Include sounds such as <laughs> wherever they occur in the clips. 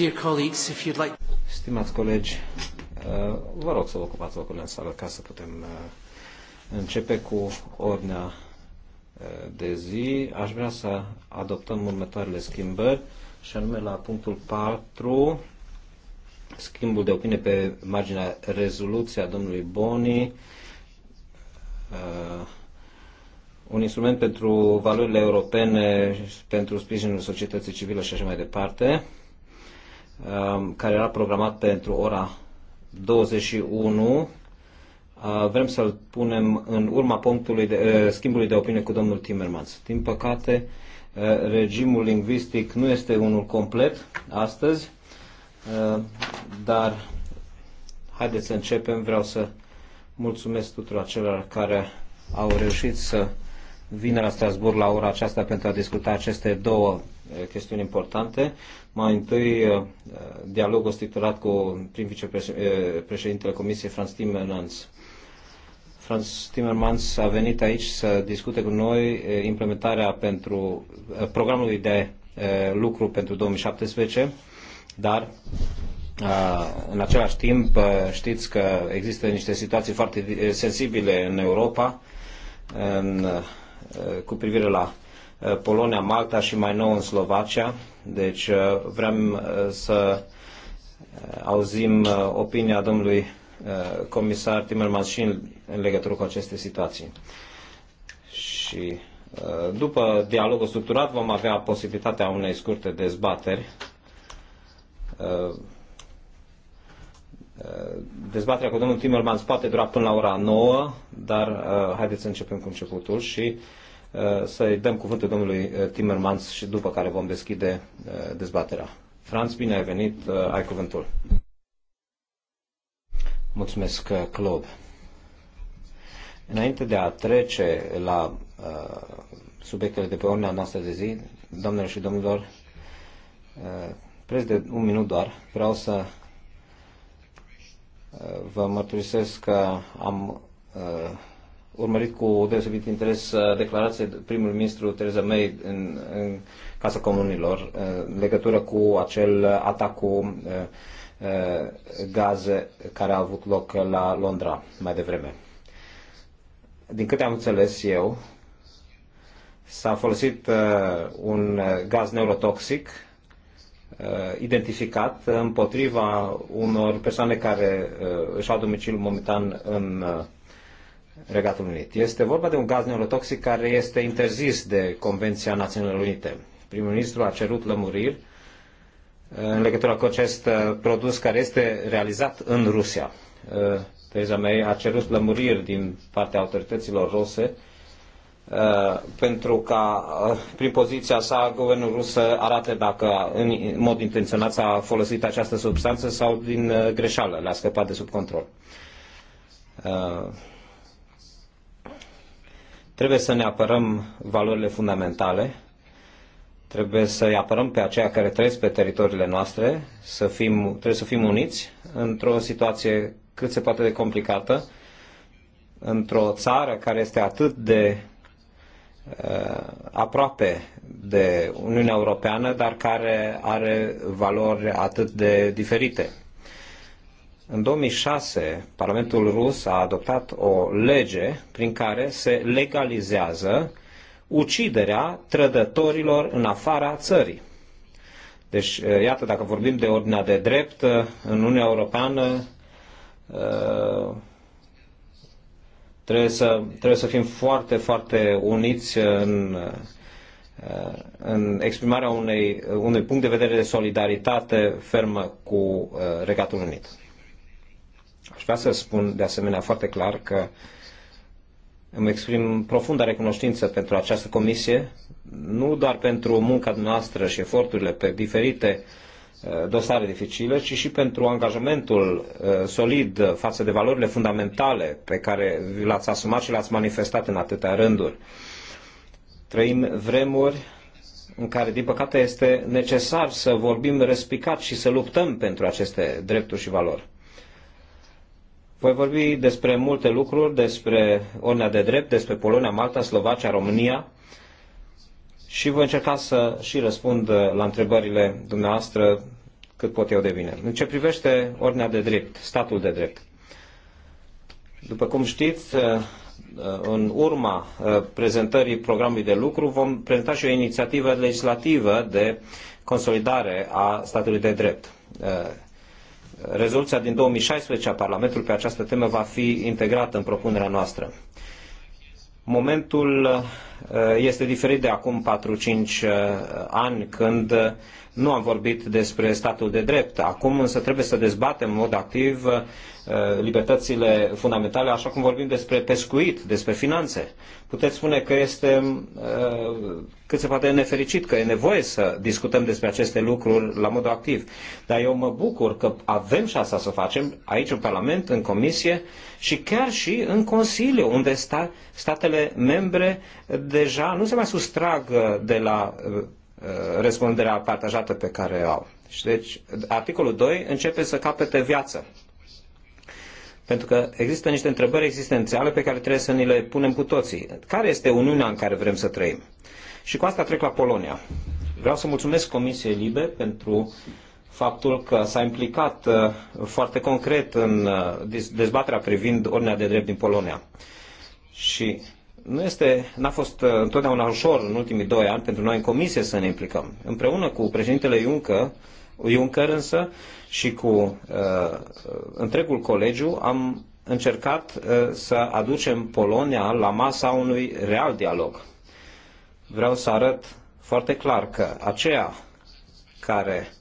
Dear colleagues, if you'd like... Stimați colegi, uh, vă rog să vă ocupați locurile în sală ca să putem uh, începe cu ordinea uh, de zi. Aș vrea să adoptăm următoarele schimbări și anume la punctul 4, schimbul de opinie pe marginea rezoluției a domnului Boni, un instrument pentru valorile europene, pentru sprijinul societății civile și așa mai departe. Um, care era programat pentru ora 21. Uh, vrem să-l punem în urma punctului de, uh, schimbului de opinie cu domnul Timmermans. Din păcate, uh, regimul lingvistic nu este unul complet astăzi, dar haideți să începem. Vreau să mulțumesc tuturor celor care au reușit să vină la Strasburg la ora aceasta pentru a discuta aceste două Eh, chestiuni importante. Mai întâi, eh, dialogul stipulat cu prim vicepreședintele eh, Comisiei, Franz Timmermans. Franz Timmermans a venit aici să discute cu noi implementarea pentru programului de lucru pentru 2017, dar în același timp știți că există niște situații foarte sensibile în Europa în, cu privire la Uh, Polonia, Malta și mai nou în Slovacia. Deci uh, vrem uh, să auzim opinia domnului comisar Timmermans și în legătură cu aceste situații. Și după dialogul structurat vom avea posibilitatea unei scurte dezbateri. Dezbaterea cu domnul Timmermans poate dura până la ora 9, dar haideți să începem cu începutul și Eh, să-i dăm cuvântul domnului eh, Timmermans și după care vom deschide eh, dezbaterea. Franz, bine ai venit, ai cuvântul. Mulțumesc, Claude. Înainte de a trece la uh, subiectele de pe ordinea noastră de zi, doamnele și domnilor, uh, preț de un minut doar, vreau să uh, vă mărturisesc că am uh, urmărit cu deosebit interes uh, declarația primului ministru Theresa May în, în Casa Comunilor uh, în legătură cu acel atac cu uh, gaze care a avut loc la Londra mai devreme. Din câte am înțeles eu, s-a folosit un gaz neurotoxic identificat împotriva unor persoane care își au domiciliul momentan în Regatul Unit. Este vorba de un gaz neurotoxic care este interzis de Convenția Națiunilor Unite. Primul ministru a cerut lămuriri uh, în legătură cu acest uh, produs care este realizat în Rusia. Uh, Teza mea a cerut lămuriri din partea autorităților rose pentru ca, prin poziția sa, guvernul rus să arate dacă în mod intenționat s-a folosit această substanță sau din greșeală le-a scăpat de sub control. Trebuie să ne apărăm valorile fundamentale, trebuie să-i apărăm pe aceia care trăiesc pe teritoriile noastre, să fim, trebuie să fim uniți într-o situație cât se poate de complicată, într-o țară care este atât de uh, aproape de Uniunea Europeană, dar care are valori atât de diferite. În 2006, Parlamentul rus a adoptat o lege prin care se legalizează uciderea trădătorilor în afara țării. Deci, iată, dacă vorbim de ordinea de drept, în Uniunea Europeană trebuie să, trebuie să fim foarte, foarte uniți în, în exprimarea unei, unui punct de vedere de solidaritate fermă cu Regatul Unit. Aș vrea să spun de asemenea foarte clar că îmi exprim profundă recunoștință pentru această comisie, nu doar pentru munca noastră și eforturile pe diferite uh, dosare dificile, ci și pentru angajamentul uh, solid față de valorile fundamentale pe care vi l-ați asumat și le-ați manifestat în atâtea rânduri. Trăim vremuri în care, din păcate, este necesar să vorbim respicat și să luptăm pentru aceste drepturi și valori. Voi vorbi despre multe lucruri, despre ordinea de drept, despre Polonia, Malta, Slovacia, România și voi încerca să și răspund la întrebările dumneavoastră cât pot eu de bine. În ce privește ordinea de drept, statul de drept. După cum știți, uh, uh, în urma uh, prezentării programului de lucru vom prezenta și o inițiativă legislativă de consolidare a statului de drept rezoluția din 2016 a Parlamentului pe această temă va fi integrată în propunerea noastră. Momentul uh, este diferit de acum 4-5 uh, ani când nu am vorbit despre statul de drept. Acum însă trebuie să dezbatem în mod activ Uh, libertățile fundamentale, așa cum vorbim despre pescuit, despre finanțe. Puteți spune că este uh, cât se poate nefericit, că e nevoie să discutăm despre aceste lucruri la mod activ. Dar eu mă bucur că avem șansa să facem aici în Parlament, în Comisie și chiar și în Consiliu, unde sta, statele membre deja nu se mai sustrag uh, de la răspunderea partajată pe care o au. Și deci, articolul 2 începe să capete viață. Pentru că există niște întrebări existențiale pe care trebuie să ni le punem cu toții. Care este Uniunea în care vrem să trăim? Și cu asta trec la Polonia. Vreau să mulțumesc Comisiei Libe pentru faptul că s-a implicat uh, foarte concret în uh, dezbaterea privind ordinea de drept din Polonia. Și nu este, n-a fost uh, întotdeauna ușor în ultimii doi ani pentru noi în comisie să ne implicăm. Împreună cu președintele Juncker, Juncker însă și cu uh, întregul colegiu am încercat uh, să aducem Polonia la masa unui real dialog. Vreau să arăt foarte clar că aceea care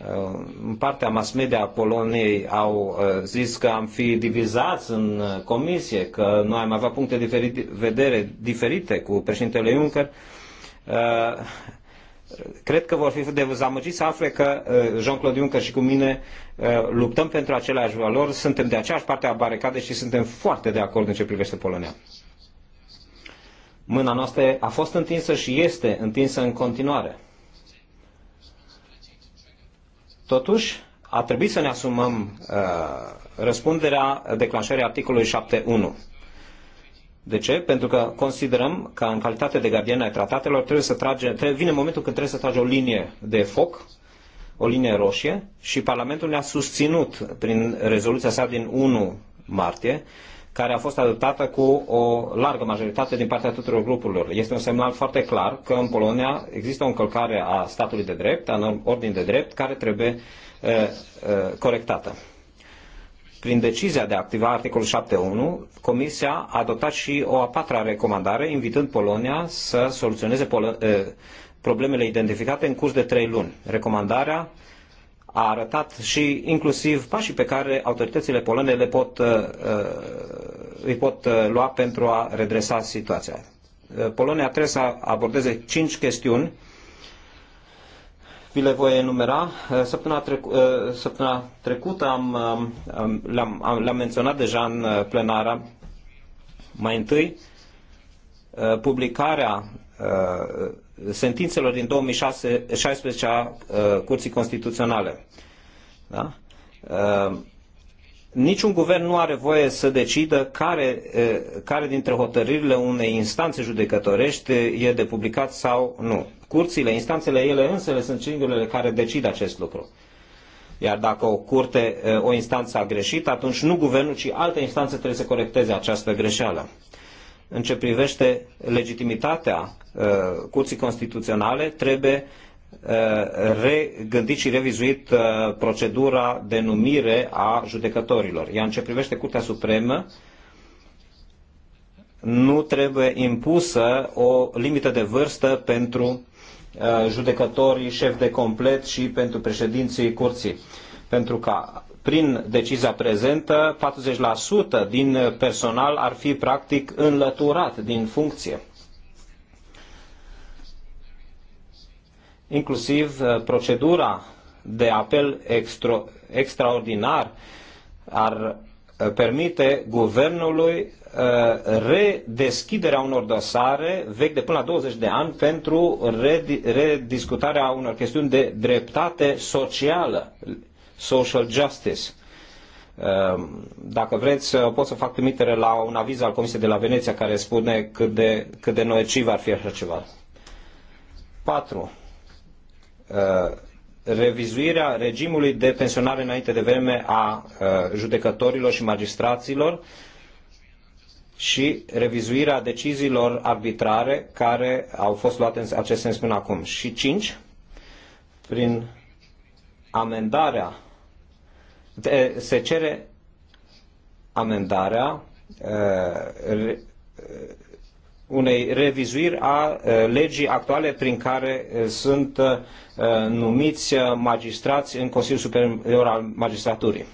uh, în partea mass media a Poloniei au uh, zis că am fi divizați în uh, comisie, că noi am avea puncte de vedere diferite cu președintele Juncker cred că vor fi dezamăgiți să afle că uh, Jean-Claude Juncker și cu mine uh, luptăm pentru aceleași valori, suntem de aceeași parte a baricadei și suntem foarte de acord în ce privește Polonia. Mâna noastră a fost întinsă și este întinsă în continuare. Totuși, a trebuit să ne asumăm uh, răspunderea declanșării articolului 7.1 de ce? Pentru că considerăm că în calitate de gardian ai tratatelor trebuie să trage, trebuie, vine momentul când trebuie să tragi o linie de foc, o linie roșie și Parlamentul ne-a susținut prin rezoluția sa din 1 martie, care a fost adoptată cu o largă majoritate din partea tuturor grupurilor. Este un semnal foarte clar că în Polonia există o încălcare a statului de drept, a ordinii de drept, care trebuie uh, uh, corectată. Prin decizia de a activa articolul 7.1, Comisia a adoptat și o a patra recomandare, invitând Polonia să soluționeze Polo eh, problemele identificate în curs de trei luni. Recomandarea a arătat și inclusiv pașii pe care autoritățile polone le pot, eh, eh, îi pot lua pentru a redresa situația. Polonia trebuie să abordeze cinci chestiuni vi le voi enumera. Eh, săptămâna, trecu- eh, săptămâna trecută am, le-am, am, le-am menționat deja în eh, plenară. Mai întâi, publicarea sentințelor din 2016 a Curții Constituționale. Da? Niciun guvern nu are voie să decidă care, care dintre hotărârile unei instanțe judecătorești e de publicat sau nu curțile, instanțele ele însele sunt singurele care decid acest lucru. Iar dacă o curte, eh, o instanță a greșit, atunci nu guvernul, ci alte instanțe trebuie să corecteze această greșeală. În ce privește legitimitatea eh, curții constituționale, trebuie eh, regândit și revizuit procedura de numire a judecătorilor. Iar în ce privește Curtea Supremă, nu trebuie impusă o limită de vârstă pentru Uh, judecătorii șef de complet și pentru președinții curții. Pentru ca prin decizia prezentă, 40% din personal ar fi practic înlăturat din funcție. Inclusiv uh, procedura de apel extra, extraordinar ar uh, permite guvernului Uh, redeschiderea unor dosare vechi de până la 20 de ani pentru rediscutarea unor chestiuni de dreptate socială, social justice. Uh, dacă vreți, uh, pot să fac trimitere la un aviz al Comisiei de la Veneția care spune cât de, cât de nociv ar fi așa ceva. 4. Revizuirea regimului de pensionare înainte de vreme a judecătorilor și magistraților și revizuirea deciziilor arbitrare care au fost luate în acest sens până acum. Și 5. Prin amendarea se cere amendarea uh, uh, unei revizuiri a uh, legii actuale prin care sunt numiți magistrați în Consiliul Superior al Magistraturii.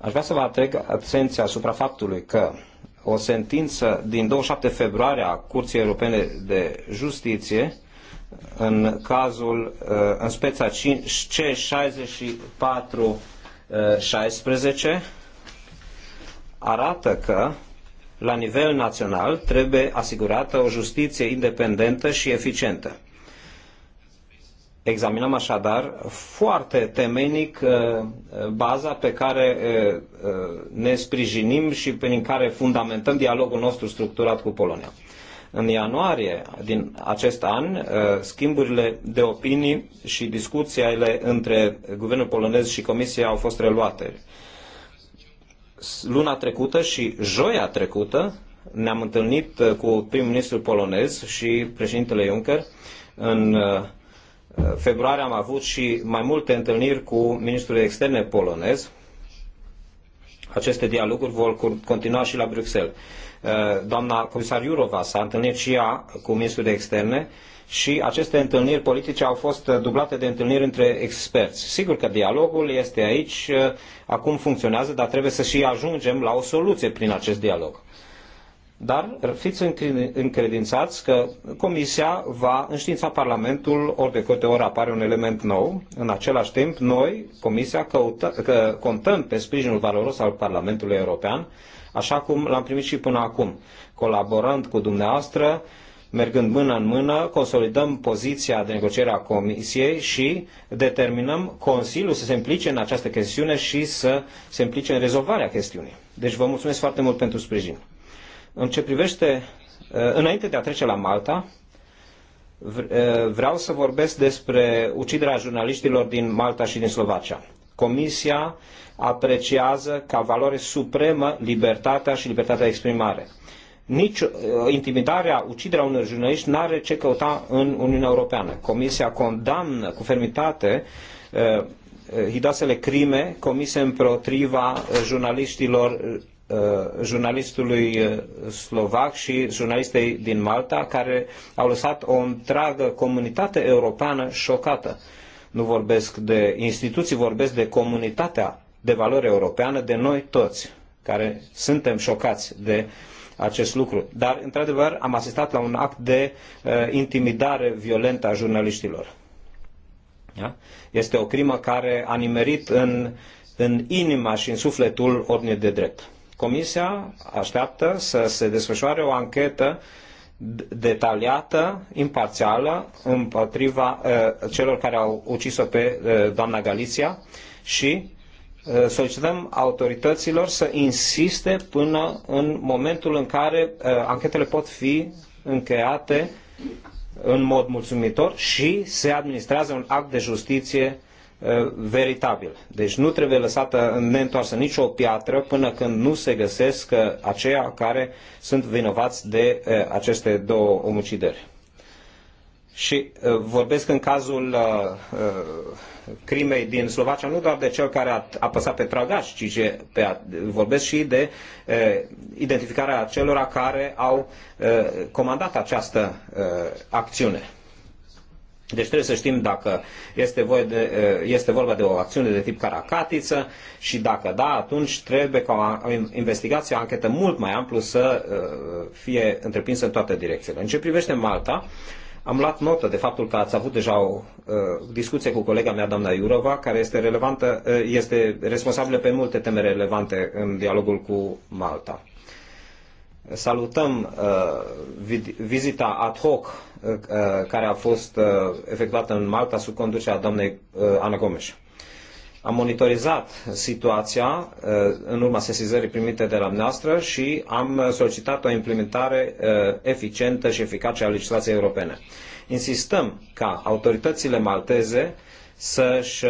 Aș vrea să vă atrag atenția asupra faptului că o sentință din 27 februarie a Curții Europene de Justiție în cazul, uh, în speța C64-16 uh, arată că la nivel național trebuie asigurată o justiție independentă și eficientă. Examinăm așadar foarte temeinic uh, uh, baza pe care uh, ne sprijinim și prin care fundamentăm dialogul nostru structurat cu Polonia. În ianuarie din acest an, schimburile de opinii și discuțiile între guvernul polonez și Comisia au fost reluate. Luna trecută și joia trecută ne-am întâlnit cu prim-ministrul polonez și președintele Juncker în februarie am avut și mai multe întâlniri cu ministrul de externe polonez. Aceste dialoguri vor continua și la Bruxelles. Uh, doamna comisar Iurova s-a întâlnit și ea cu ministrul de externe și aceste întâlniri politice au fost uh, dublate de întâlniri între experți. Sigur că dialogul este aici, uh, acum funcționează, dar trebuie să și ajungem la o soluție prin acest dialog dar fiți încredințați că Comisia va înștiința Parlamentul ori de câte ori apare un element nou. În același timp, noi, Comisia, căută, că contăm pe sprijinul valoros al Parlamentului European, așa cum l-am primit și până acum. Colaborând cu dumneavoastră, mergând mână în mână, consolidăm poziția de negociere a Comisiei și determinăm Consiliul să se implice în această chestiune și să se implice în rezolvarea chestiunii. Deci vă mulțumesc foarte mult pentru sprijin. În ce privește, uh, înainte de a trece la Malta, uh, vreau să vorbesc despre uciderea jurnaliștilor din Malta și din Slovacia. Comisia apreciază ca valoare supremă libertatea și libertatea de exprimare. Nici uh, intimidarea, uciderea unor jurnaliști nu are ce căuta în Uniunea Europeană. Comisia condamnă cu fermitate hidoasele crime comise împotriva jurnaliștilor Uh, jurnalistului uh, slovac și jurnalistei din Malta, care au lăsat o întreagă comunitate europeană șocată. Nu vorbesc de instituții, vorbesc de comunitatea de valoare europeană, de noi toți, care suntem șocați de acest lucru. Dar, într-adevăr, am asistat la un act de uh, intimidare violentă a jurnaliștilor. Da? Este o crimă care a nimerit în, în inima și în sufletul ordinii de drept. Comisia așteaptă să se desfășoare o anchetă detaliată, imparțială, împotriva uh, celor care au ucis-o pe uh, doamna Galiția și uh, solicităm autorităților să insiste până în momentul în care uh, anchetele pot fi încheiate în mod mulțumitor și se administrează un act de justiție Uh, veritabil. Deci nu trebuie lăsată neîntoarsă nicio piatră până când nu se găsesc uh, aceia care sunt vinovați de uh, aceste două omucideri. Și vorbesc în cazul crimei din Slovacia, nu doar de cel care a apăsat pe tragaș, ci pe, vorbesc și de identificarea celor care au comandat această acțiune. Deci trebuie să știm dacă este, voie de, eh, este vorba de o acțiune de tip caracatiță și dacă da, atunci trebuie ca o investigație, o anchetă mult mai amplu să eh, fie întreprinsă în toate direcțiile. În ce privește Malta, am luat notă de faptul că ați avut deja o eh, discuție cu colega mea, doamna Iurova, care este, relevantă, este responsabilă pe multe teme relevante în dialogul cu Malta. Salutăm uh, vizita ad hoc uh, care a fost uh, efectuată în Malta sub conducerea doamnei Ana Gomes. Am monitorizat situația în urma sesizării primite de la noastră și am solicitat o implementare eficientă și eficace a legislației europene. Insistăm ca autoritățile malteze să-și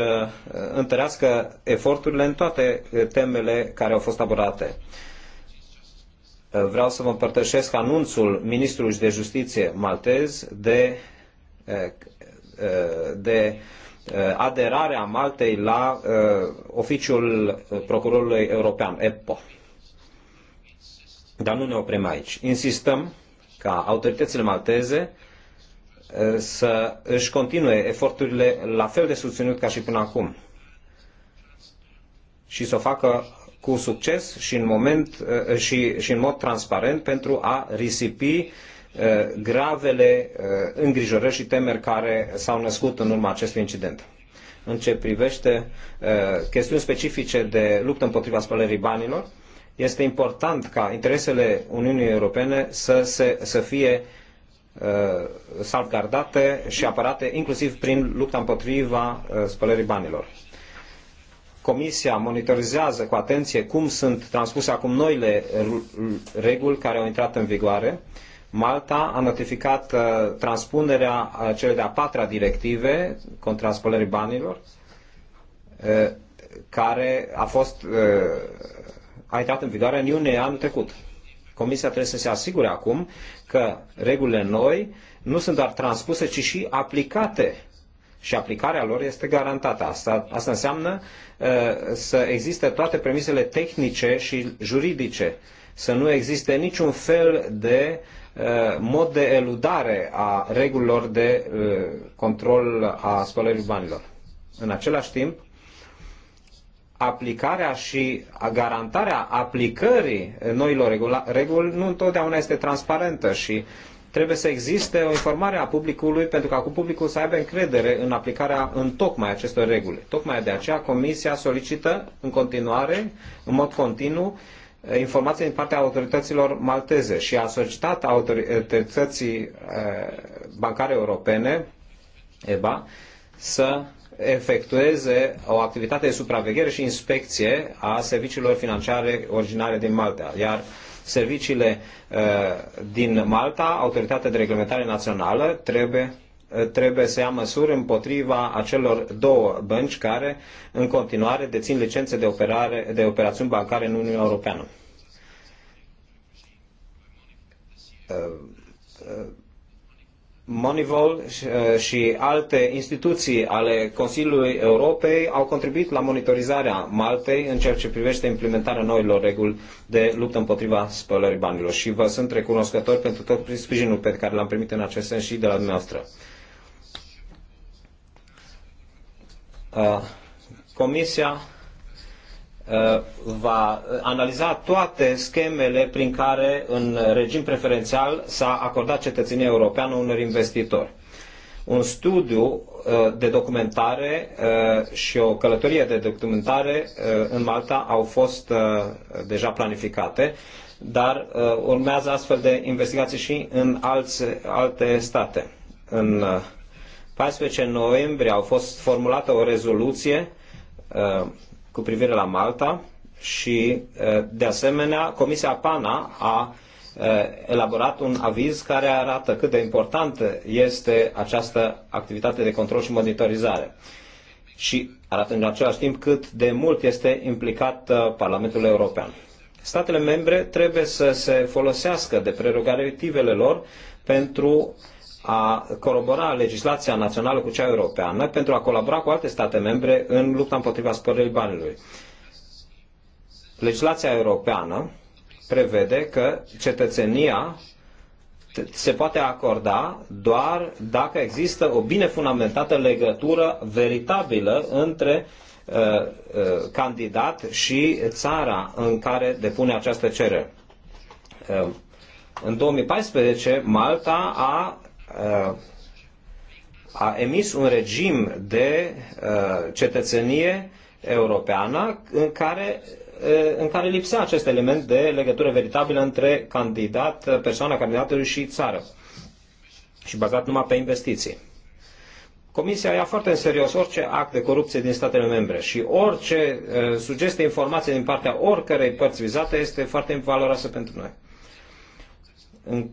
întărească eforturile în toate temele care au fost abordate vreau să vă împărtășesc anunțul ministrului de justiție maltez de, eh, eh, de eh, aderarea Maltei la oficiul procurorului european, EPPO. Dar nu ne oprim aici. Insistăm ca autoritățile malteze să își continue eforturile la fel de susținut ca și până acum și să o facă cu succes și în, moment, uh, uh, și, și în mod transparent pentru a risipi uh, gravele îngrijorări și temeri care s-au născut în urma acestui incident în ce privește chestiuni specifice de luptă împotriva spălării banilor, este important ca interesele Uniunii Europene să, se, să fie salvgardate și apărate inclusiv prin lupta împotriva spălării banilor. Comisia monitorizează cu atenție cum sunt transpuse acum noile reguli care au intrat în vigoare. Malta a notificat uh, transpunerea uh, celei de-a patra directive contra spălării banilor, uh, care a fost a intrat în vigoare în iunie anul trecut. Comisia trebuie să se asigure acum că regulile noi nu sunt doar transpuse, ci și aplicate și aplicarea lor este garantată. Asta, asta înseamnă uh, să existe toate premisele tehnice și juridice, să nu existe niciun fel de uh, mod de eludare a regulilor de uh, control a spălării banilor. În același timp, aplicarea și garantarea aplicării noilor reguli nu întotdeauna este transparentă și uh, Trebuie să existe o informare a publicului pentru ca cu publicul să aibă încredere în aplicarea în tocmai acestor reguli. Tocmai de aceea Comisia solicită în continuare, în mod continuu, informații din partea autorităților malteze și a solicitat autorității eh, bancare europene, EBA, să efectueze o activitate de supraveghere și inspecție a serviciilor financiare originare din Malta. Iar serviciile uh, din Malta, Autoritatea de Reglementare Națională, trebuie uh, trebuie să ia măsuri împotriva acelor două bănci care în continuare dețin licențe de, operare, de operațiuni bancare în Uniunea Europeană. Uh, Monivol uh, și alte instituții ale Consiliului Europei au contribuit la monitorizarea Maltei în ceea ce privește implementarea noilor reguli de luptă împotriva spălării banilor și vă sunt recunoscător pentru tot sprijinul pe care l-am primit în acest sens și de la dumneavoastră. Uh, Comisia Uh, va uh, analiza toate schemele prin care în regim preferențial s-a acordat cetățenia europeană unor investitori. Un studiu uh, de documentare și o călătorie de documentare în Malta au fost deja planificate, dar urmează astfel de investigații și în alți, alte state. În 14 noiembrie au fost formulată o rezoluție cu privire la Malta și, mm-hmm. uh, de asemenea, Comisia PANA a uh, elaborat un aviz care arată cât de importantă este această activitate de control și monitorizare. Și arată în același timp cât de mult este implicat uh, Parlamentul European. Statele membre trebuie să se folosească de prerogativele lor pentru a corobora legislația națională cu cea europeană pentru a colabora cu alte state membre în lupta împotriva spălării banilor. Legislația europeană prevede că cetățenia se poate acorda doar dacă există o bine fundamentată legătură veritabilă între uh, uh, candidat și țara în care depune această cerere. Uh, în 2014, Malta a Uh, a emis un regim de uh, cetățenie europeană în care, uh, în care lipsea acest element de legătură veritabilă între candidat, persoana candidatului și țară și bazat numai pe investiții. Comisia ia foarte în serios orice act de corupție din statele membre și orice uh, sugestie, informație din partea oricărei părți vizate este foarte valoroasă pentru noi. În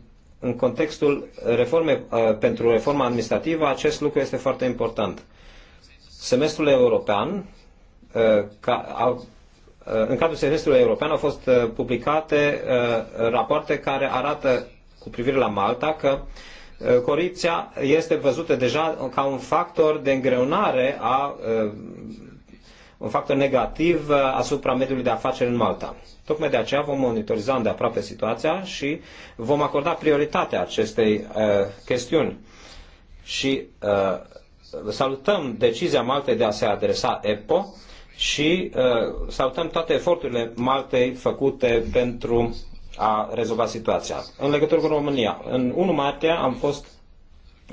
în contextul reforme, uh, pentru reforma administrativă, acest lucru este foarte important. Semestrul european, uh, uh, în cadrul semestrului european au fost publicate rapoarte care arată cu privire la Malta că corupția este văzută deja ca un factor de îngreunare a un factor negativ uh, asupra mediului de afaceri în Malta. Tocmai de aceea vom monitoriza îndeaproape situația și vom acorda prioritatea acestei uh, chestiuni. Și uh, salutăm decizia Maltei de a se adresa EPO și uh, salutăm toate eforturile Maltei făcute pentru a rezolva situația. În legătură cu România, în 1 martie am fost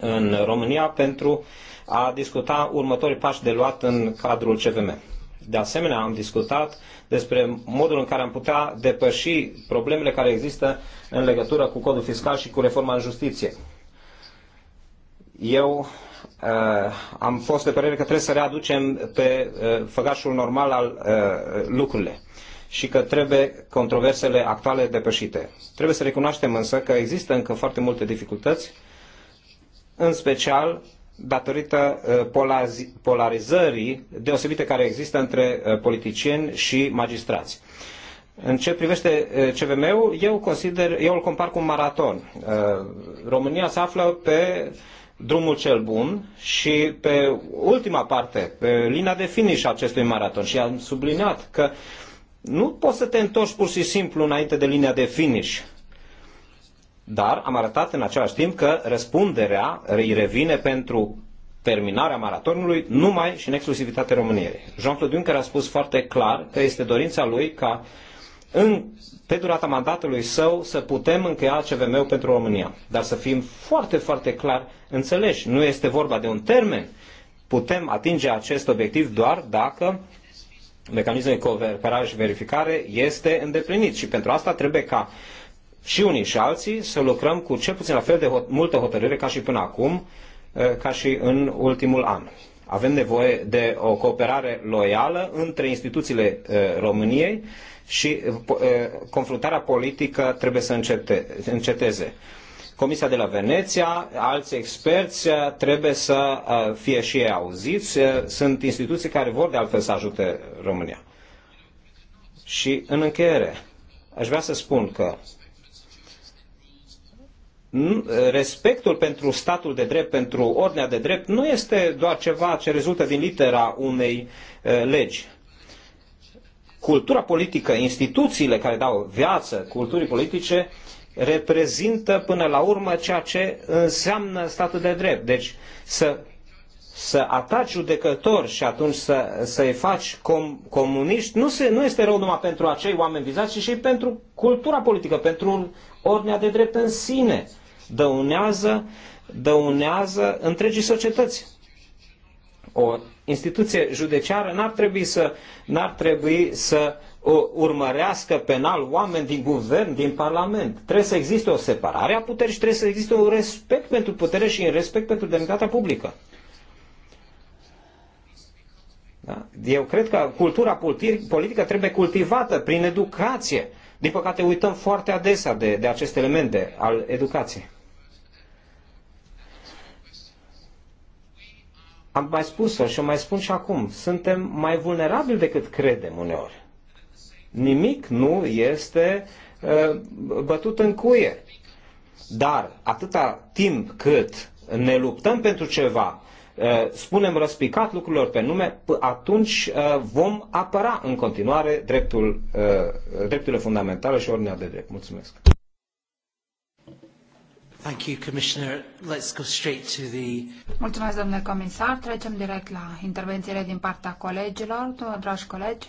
în România pentru a discuta următorii pași de luat în cadrul CVM. De asemenea, am discutat despre modul în care am putea depăși problemele care există în legătură cu codul fiscal și cu reforma în justiție. Eu uh, am fost de părere că trebuie să readucem pe uh, făgașul normal al uh, lucrurile și că trebuie controversele actuale depășite. Trebuie să recunoaștem însă că există încă foarte multe dificultăți, în special datorită uh, polarizării deosebite care există între uh, politicieni și magistrați. În ce privește uh, CVM-ul, eu, consider, eu îl compar cu un maraton. România se află pe drumul cel bun și pe ultima parte, pe linia de finish a acestui maraton. Și am subliniat că nu poți să te întorci pur și simplu înainte de linia de finish dar am arătat în același timp că răspunderea îi revine pentru terminarea maratonului numai și în exclusivitate României. Jean-Claude Juncker a spus foarte clar că este dorința lui ca în, pe durata mandatului său să putem încheia CVM-ul pentru România. Dar să fim foarte, foarte clar înțeleși. Nu este vorba de un termen. Putem atinge acest obiectiv doar dacă mecanismul de cooperare și verificare este îndeplinit și pentru asta trebuie ca și unii și alții să lucrăm cu cel puțin la fel de hot, multă hotărâre ca și până acum, eh, ca și în ultimul an. Avem nevoie de o cooperare loială între instituțiile eh, României și eh, confruntarea politică trebuie să încete, înceteze. Comisia de la Veneția, alți experți trebuie să fie și ei auziți. Sunt instituții care vor de altfel să ajute România. Și în încheiere, aș vrea să spun că respectul pentru statul de drept, pentru ordinea de drept, nu este doar ceva ce rezultă din litera unei legi. Cultura politică, instituțiile care dau viață culturii politice, reprezintă până la urmă ceea ce înseamnă statul de drept. Deci să, să ataci judecători și atunci să, să-i faci com, comuniști nu, se, nu este rău numai pentru acei oameni vizați, ci și pentru cultura politică, pentru ordinea de drept în sine dăunează, dăunează întregii societăți. O instituție judeciară n-ar trebui să, n-ar trebui să urmărească penal oameni din guvern, din parlament. Trebuie să existe o separare a puterii și trebuie să existe un respect pentru putere și un respect pentru demnitatea publică. Da? Eu cred că cultura politică trebuie cultivată prin educație. Din păcate uităm foarte adesea de, de aceste elemente al educației. Am mai spus-o și o mai spun și acum. Suntem mai vulnerabili decât credem uneori. Nimic nu este uh, bătut în cuie. Dar atâta timp cât ne luptăm pentru ceva, uh, spunem răspicat lucrurilor pe nume, atunci uh, vom apăra în continuare dreptul, uh, drepturile fundamentale și ordinea de drept. Mulțumesc. Thank you, Commissioner. Let's go straight to the... Mulțumesc, domnule comisar. Trecem direct la intervențiile din partea colegilor. Dragi colegi,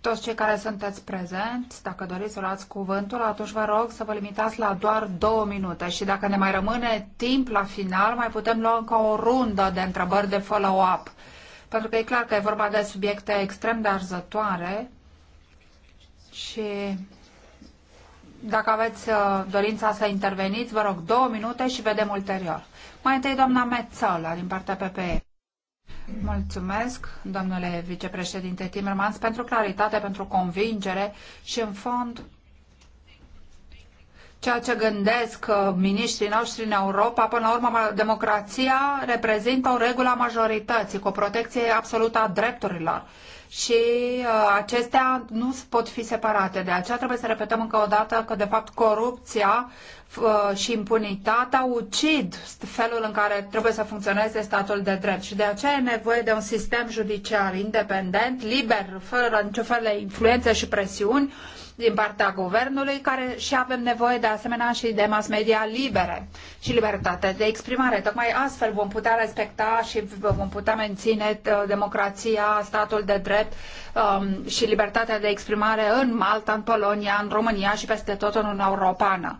toți cei care sunteți prezenți, dacă doriți să luați cuvântul, atunci vă rog să vă limitați la doar două minute și dacă ne mai rămâne timp la final, mai putem lua încă o rundă de întrebări de follow-up. Pentru că e clar că e vorba de subiecte extrem de arzătoare și dacă aveți uh, dorința să interveniți, vă rog două minute și vedem ulterior. Mai întâi doamna Metzola din partea PPE. Mulțumesc, domnule vicepreședinte Timmermans, pentru claritate, pentru convingere și, în fond, ceea ce gândesc uh, miniștrii noștri în Europa, până la urmă, democrația reprezintă o regulă a majorității, cu o protecție absolută a drepturilor și uh, acestea nu pot fi separate. De aceea trebuie să repetăm încă o dată că, de fapt, corupția uh, și impunitatea ucid felul în care trebuie să funcționeze statul de drept și de aceea e nevoie de un sistem judiciar independent, liber, fără niciun fel de influențe și presiuni, uh, din partea guvernului care și avem nevoie de asemenea și de mass media libere și libertate de exprimare. Tocmai astfel vom putea respecta și vom putea menține uh, democrația, statul de drept um, și libertatea de exprimare în Malta, în Polonia, în România și peste tot în Uniunea Europeană.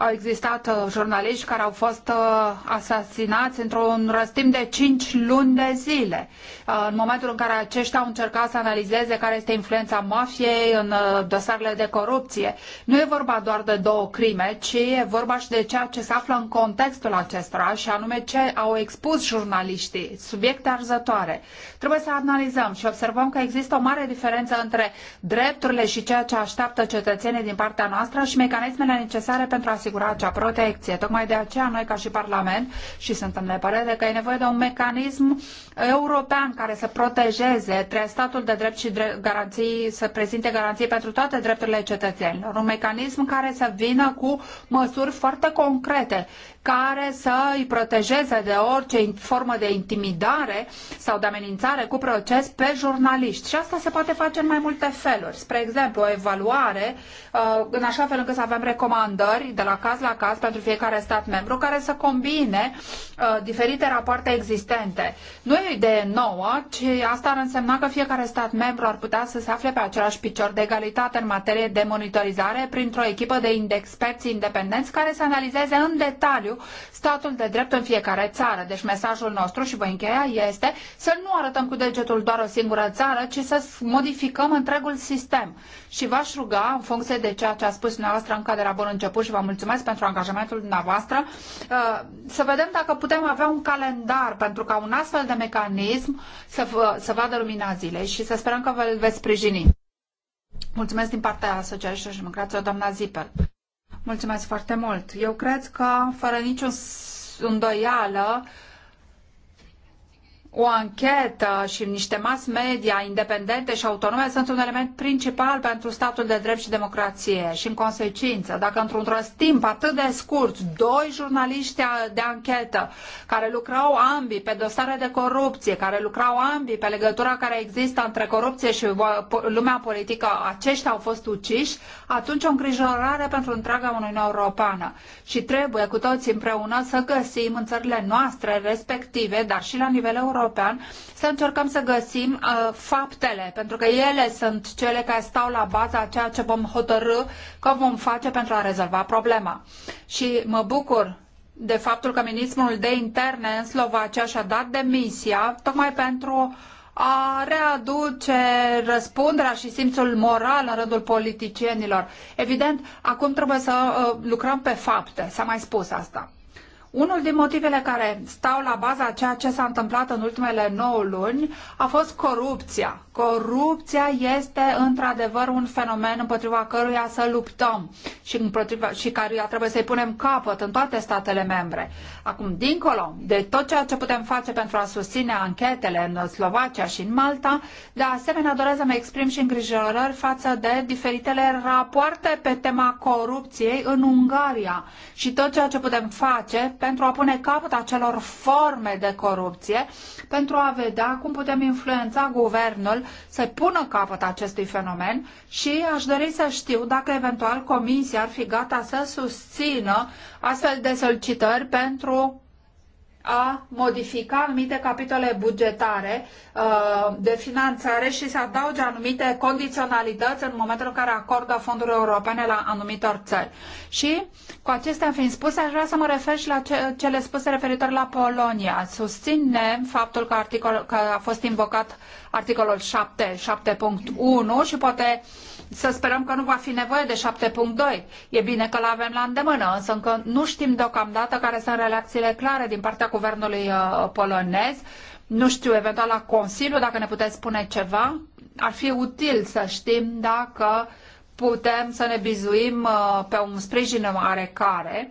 Au existat uh, jurnaliști care au fost uh, asasinați într-un răstim de cinci luni de zile. Uh, în momentul în care aceștia au încercat să analizeze care este influența mafiei în dosarele de corupție, nu e vorba doar de două crime, ci e vorba și de ceea ce se află în contextul acestora și anume ce au expus jurnaliștii, subiecte arzătoare. Trebuie să analizăm și observăm că există o mare diferență între drepturile și ceea ce așteaptă cetățenii din partea noastră și mecanismele necesare pentru a se asigura acea protecție. Tocmai de aceea noi ca și Parlament și suntem de părere că e nevoie de un mecanism european care să protejeze statul de drept și drept, garanții, să prezinte garanții pentru toate drepturile cetățenilor. Un mecanism care să vină cu măsuri foarte concrete care să îi protejeze de orice formă de intimidare sau de amenințare cu proces pe jurnaliști. Și asta se poate face în mai multe feluri. Spre exemplu, o evaluare uh, în așa fel încât să avem recomandări de la caz la caz pentru fiecare stat membru care să combine uh, diferite rapoarte existente. Nu e o idee nouă, ci asta ar însemna că fiecare stat membru ar putea să se afle pe același picior de egalitate în materie de monitorizare printr-o echipă de experți independenți care să analizeze în detaliu statul de drept în fiecare țară. Deci mesajul nostru, și voi încheia, este să nu arătăm cu degetul doar o singură țară, ci să modificăm întregul sistem. Și v-aș ruga, în funcție de ceea ce a spus dumneavoastră încă de la bun început și vă mulțumesc pentru angajamentul dumneavoastră, uh, să vedem dacă putem avea un calendar pentru ca un astfel de mecanism să, vă, să vadă lumina zilei și să sperăm că vă veți sprijini. Mulțumesc din partea asociației și Democraților, doamna Zipel. Mulțumesc foarte mult. Eu cred că, fără niciun îndoială, uh, o anchetă și niște mass media independente și autonome sunt un element principal pentru statul de drept și democrație. Și în consecință, dacă într-un timp atât de scurt, doi jurnaliști de anchetă care lucrau ambii pe dosare de corupție, care lucrau ambii pe legătura care există între corupție și lumea politică, aceștia au fost uciși, atunci o îngrijorare pentru întreaga Uniune Europeană. Și trebuie cu toți împreună să găsim în țările noastre respective, dar și la nivel european, European să încercăm să găsim uh, faptele, pentru că ele sunt cele care stau la baza a ceea ce vom hotărâ că vom face pentru a rezolva problema. Și mă bucur de faptul că ministrul de interne în Slovacia și-a dat demisia tocmai pentru a readuce răspunderea și simțul moral în rândul politicienilor. Evident, acum trebuie să uh, lucrăm pe fapte, s-a mai spus asta. Unul din motivele care stau la baza ceea ce s-a întâmplat în ultimele 9 luni a fost corupția. Corupția este într-adevăr un fenomen împotriva căruia să luptăm și, împotriva, și căruia trebuie să-i punem capăt în toate statele membre. Acum, dincolo de tot ceea ce putem face pentru a susține anchetele în Slovacia și în Malta, de asemenea doresc să mi exprim și îngrijorări față de diferitele rapoarte pe tema corupției în Ungaria și tot ceea ce putem face pentru a pune capăt acelor forme de corupție, pentru a vedea cum putem influența guvernul să pună capăt acestui fenomen și aș dori să știu dacă eventual Comisia ar fi gata să susțină astfel de solicitări pentru a modifica anumite capitole bugetare uh, de finanțare și să adauge anumite condiționalități în momentul în care acordă fonduri europene la anumitor țări. Și cu acestea fiind spuse, aș vrea să mă refer și la ce, cele spuse referitor la Polonia. Susținem faptul că, articol, că a fost invocat articolul 7, 7.1 și poate uh, să sperăm că nu va fi nevoie de 7.2. E bine că l-avem la îndemână, însă încă nu știm deocamdată care sunt relațiile clare din partea guvernului uh, polonez. Nu știu, eventual la Consiliu, dacă ne puteți spune ceva. Ar fi util să știm dacă putem să ne bizuim uh, pe un sprijin oarecare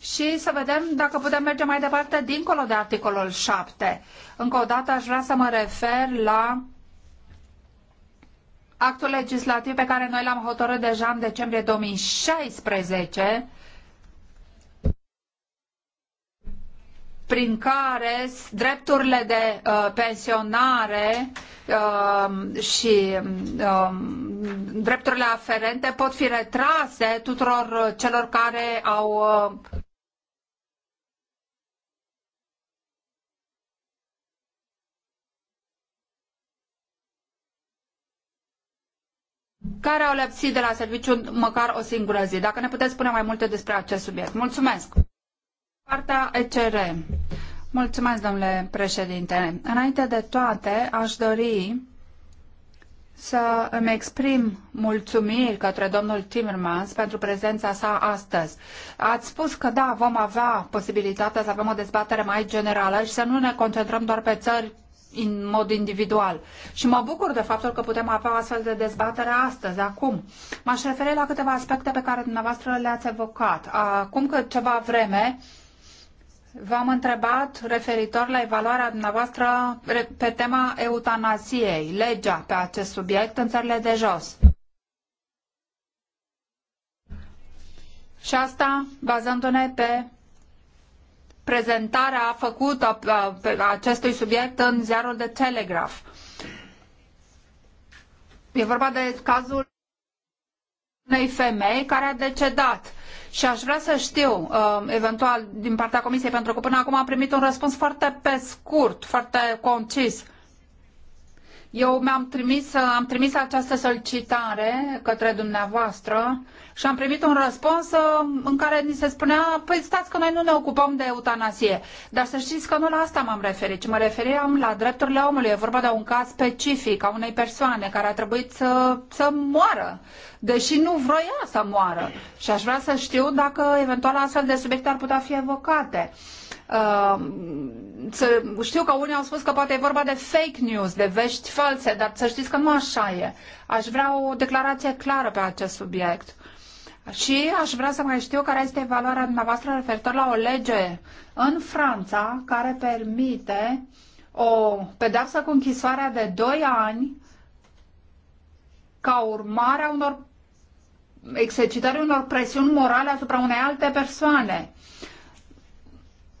și să vedem dacă putem merge mai departe dincolo de articolul 7. Încă o dată aș vrea să mă refer la actul legislativ pe care noi l-am hotărât deja în decembrie 2016 prin care drepturile de uh, pensionare uh, și uh, drepturile aferente pot fi retrase tuturor celor care au uh, care au lipsit de la serviciu măcar o singură zi. Dacă ne puteți spune mai multe despre acest subiect. Mulțumesc! Partea ECR. Mulțumesc, domnule președinte. Înainte de toate, aș dori să îmi exprim mulțumiri către domnul Timmermans pentru prezența sa astăzi. Ați spus că da, vom avea posibilitatea să avem o dezbatere mai generală și să nu ne concentrăm doar pe țări în mod individual. Și mă bucur de faptul că putem avea o astfel de dezbatere astăzi, acum. M-aș referi la câteva aspecte pe care dumneavoastră le-ați evocat. Acum că ceva vreme v-am întrebat referitor la evaluarea dumneavoastră pe tema eutanasiei, legea pe acest subiect în țările de jos. Și asta bazându-ne pe prezentarea făcută pe acestui subiect în ziarul de Telegraph. E vorba de cazul unei femei care a decedat. Și aș vrea să știu, uh, eventual, din partea Comisiei, pentru că până acum am primit un răspuns foarte pe scurt, foarte concis. Eu mi-am trimis, uh, am trimis această solicitare către dumneavoastră și am primit un răspuns uh, în care ni se spunea, păi stați că noi nu ne ocupăm de eutanasie. Dar să știți că nu la asta m-am referit, ci mă referiam la drepturile omului. E vorba de un caz specific a unei persoane care a trebuit să, să moară, deși nu vroia să moară. Și aș vrea să știu dacă eventual astfel de subiecte ar putea fi evocate. Uh, Uh, să, știu că unii au spus că poate e vorba de fake news, de vești false, dar să știți că nu așa e. Aș vrea o declarație clară pe acest subiect. Și aș vrea să mai știu care este valoarea dumneavoastră referitor la o lege în Franța care permite o pedeapsă cu închisoarea de 2 ani ca urmare a unor exercitării unor presiuni morale asupra unei alte persoane.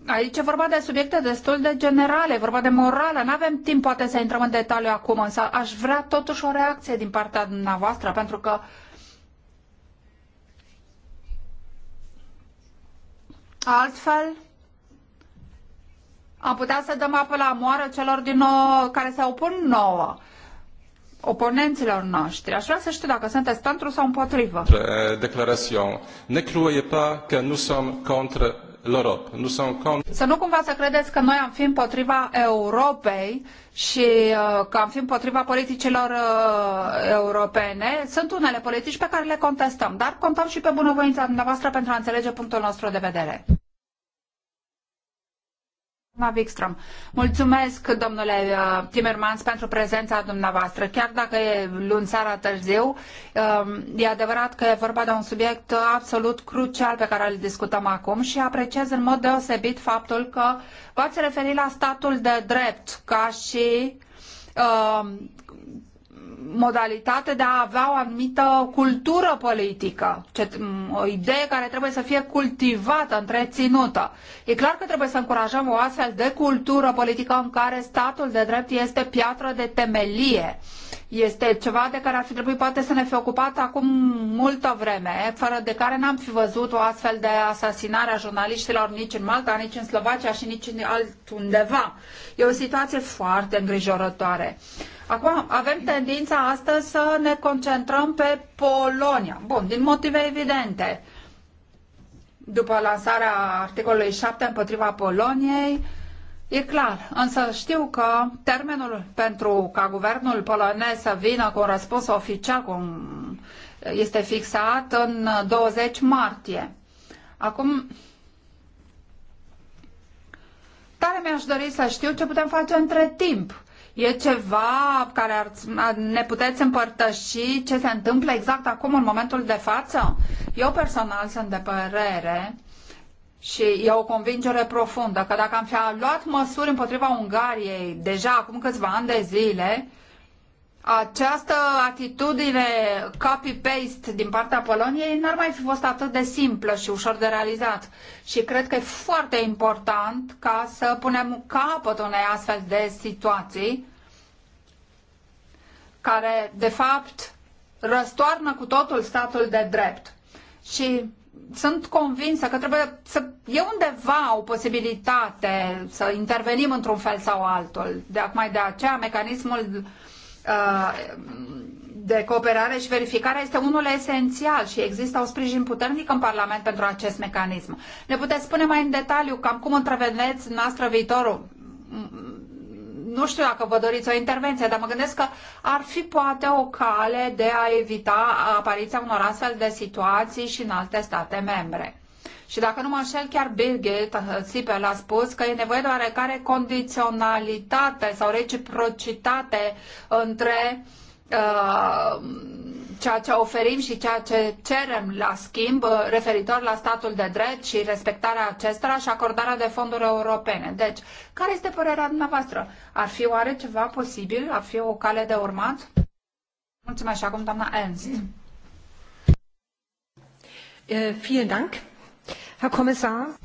Aici e vorba de subiecte destul de generale, e vorba de morală. Nu avem timp poate să intrăm în detaliu acum, însă aș vrea totuși o reacție din partea dumneavoastră, pentru că altfel am putea să dăm apă la moară celor din nou care se opun nouă oponenților noștri. Aș vrea să știu dacă sunteți pentru sau împotrivă. Declarațion. Ne cluie pa că nu suntem contra l'Europe. Nous sommes contre... Să nu cumva să credeți că noi am fi împotriva Europei și uh, că am fi împotriva politicilor uh, europene. Sunt unele politici pe care le contestăm, dar contăm și pe bunăvoința dumneavoastră pentru a înțelege punctul nostru de vedere. Doamna Wikström, mulțumesc, domnule uh, Timmermans, pentru prezența dumneavoastră. Chiar dacă e luni seara târziu, um, e adevărat că e vorba de un subiect absolut crucial pe care îl discutăm acum și apreciez în mod deosebit faptul că v-ați referit la statul de drept ca și um, modalitate de a avea o anumită cultură politică, mm, o idee care trebuie să fie cultivată, întreținută. E clar că trebuie să încurajăm o astfel de cultură politică în care statul de drept este piatră de temelie. Este ceva de care ar fi trebuit poate să ne fi ocupat acum multă vreme, fără de care n-am fi văzut o astfel de asasinare a jurnaliștilor nici în Malta, nici în Slovacia și nici în altundeva. E o situație foarte îngrijorătoare. Acum avem tendința astăzi să ne concentrăm pe Polonia. Bun, din motive evidente. După lansarea articolului 7 împotriva Poloniei, E clar, însă știu că termenul pentru ca guvernul polonez să vină cu un răspuns oficial cum este fixat în 20 martie. Acum, tare mi-aș dori să știu ce putem face între timp E ceva care ar, ne puteți împărtăși ce se întâmplă exact acum, în momentul de față? Eu personal sunt de părere și e o convingere profundă că dacă am fi luat măsuri împotriva Ungariei deja acum câțiva ani de zile, uh, această atitudine copy-paste din partea Poloniei n-ar mai fi fost atât de simplă și ușor de realizat. Și cred că e foarte important ca să punem capăt unei astfel de situații care, de fapt, răstoarnă cu totul statul de drept. Și sunt convinsă că trebuie să e undeva o posibilitate să intervenim într-un fel sau altul. De acum de aceea, mecanismul uh, Uh, de cooperare și verificare este unul esențial și există un sprijin puternic în Parlament pentru acest mecanism. Ne puteți spune mai în detaliu cam cum întreveneți noastră viitorul? Nu știu dacă vă doriți o intervenție, dar mă gândesc că ar fi poate o cale de a evita apariția unor astfel de situații și în alte state membre. Și dacă nu mă înșel, chiar Birgit ă, Sipel a spus că e nevoie de oarecare condiționalitate sau reciprocitate între ă, ceea ce oferim și ceea ce cerem la schimb ă, referitor la statul de drept și respectarea acestora și acordarea de fonduri europene. Deci, care este părerea dumneavoastră? Ar fi oare ceva posibil? Ar fi o cale de urmat? Mulțumesc și acum, doamna Ernst. Eh, vielen Dank. Herr Kommissar.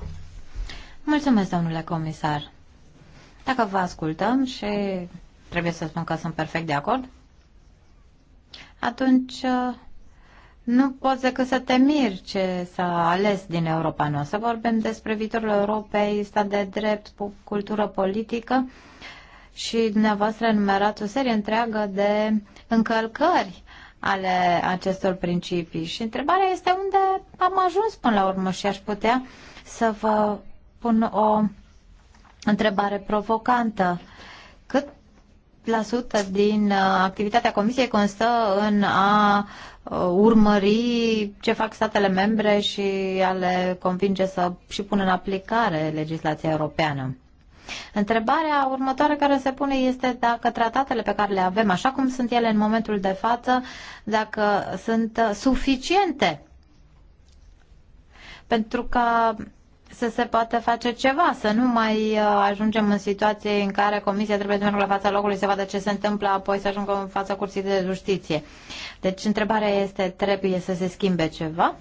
Mulțumesc, domnule comisar. Dacă vă ascultăm și trebuie să spun că sunt perfect de acord, atunci uh, nu poți decât să te miri ce s-a ales din Europa noastră. Vorbim despre viitorul Europei, stat de drept, cultură politică și dumneavoastră enumerați o serie întreagă de încălcări ale acestor principii. Și întrebarea este unde am ajuns până la urmă și aș putea să vă pun o întrebare provocantă. Cât la sută din uh, activitatea Comisiei constă în a uh, urmări ce fac statele membre și a le convinge să și pună în aplicare legislația europeană. Întrebarea următoare care se pune este dacă tratatele pe care le avem, așa cum sunt ele în momentul de față, dacă sunt suficiente pentru ca să se poată face ceva, să nu mai uh, ajungem în situații în care comisia trebuie să meargă la fața locului să vadă ce se întâmplă, apoi să ajungă în fața curții de justiție. Deci întrebarea este, trebuie să se schimbe ceva?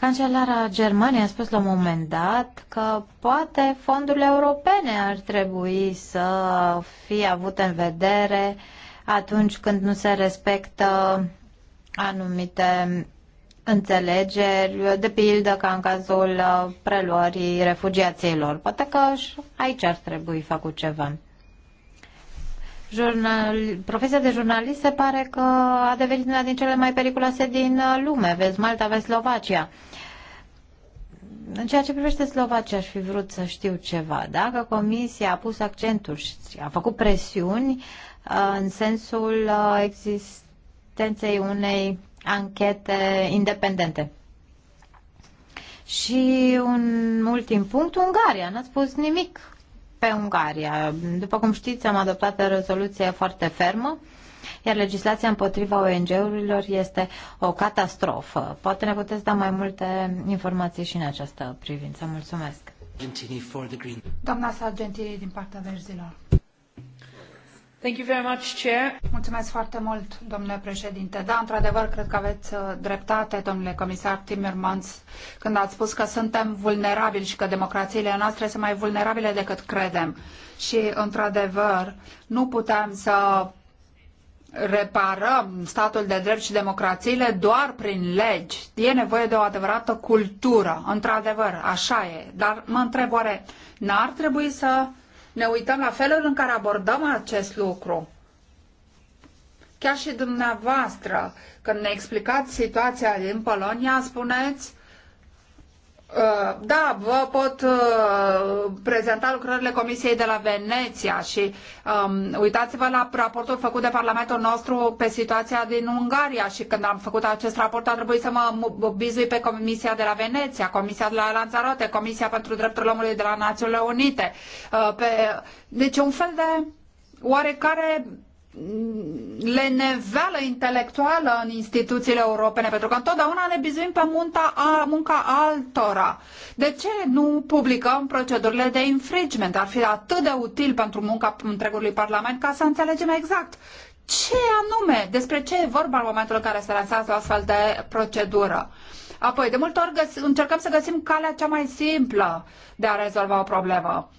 Cancelara Germaniei a spus la un moment dat că poate fondurile europene ar trebui să fie avute în vedere atunci când nu se respectă anumite înțelegeri, de pildă ca în cazul uh, preluării refugiaților. Poate că aici ar trebui făcut ceva. Jurnal... Profesia de jurnalist se pare că a devenit una din cele mai periculoase din uh, lume. Vezi Malta, vezi Slovacia. În ceea ce privește Slovacia, aș fi vrut să știu ceva. Dacă Comisia a pus accentul și a făcut presiuni uh, în sensul uh, existenței unei anchete independente. Și un ultim punct, Ungaria. n a spus nimic pe Ungaria. După cum știți, am adoptat o rezoluție foarte fermă iar legislația împotriva ONG-urilor este o catastrofă. Poate ne puteți da mai multe informații și în această privință. Mulțumesc! Doamna Sargentini din partea verzilor. Thank you very much, Chair. Mulțumesc foarte mult, domnule președinte. Da, într-adevăr, cred că aveți uh, dreptate, domnule comisar Timmermans, când ați spus că suntem vulnerabili și că democrațiile noastre sunt mai vulnerabile decât credem. Și, într-adevăr, nu putem să reparăm statul de drept și democrațiile doar prin legi. E nevoie de o adevărată cultură, într-adevăr, așa e. Dar mă întreb oare, n-ar trebui să ne uităm la felul în care abordăm acest lucru? Chiar și dumneavoastră, când ne explicați situația din Polonia, spuneți Uh, da, vă pot uh, prezenta lucrările Comisiei de la Veneția și um, uitați-vă la raportul făcut de Parlamentul nostru pe situația din Ungaria și când am făcut acest raport a trebuit să mă bizui pe Comisia de la Veneția, Comisia de la Lanzarote, Comisia pentru Drepturile Omului de la Națiunile Unite. Uh, pe... Deci un fel de oarecare leneveală intelectuală în instituțiile europene, pentru că întotdeauna ne bizuim pe munta a, munca altora. De ce nu publicăm procedurile de infringement? Ar fi atât de util pentru munca întregului Parlament ca să înțelegem exact ce anume, despre ce e vorba în momentul în care se lansează o astfel de procedură. Apoi, de multe ori găs- încercăm să găsim calea cea mai simplă de a rezolva o problemă.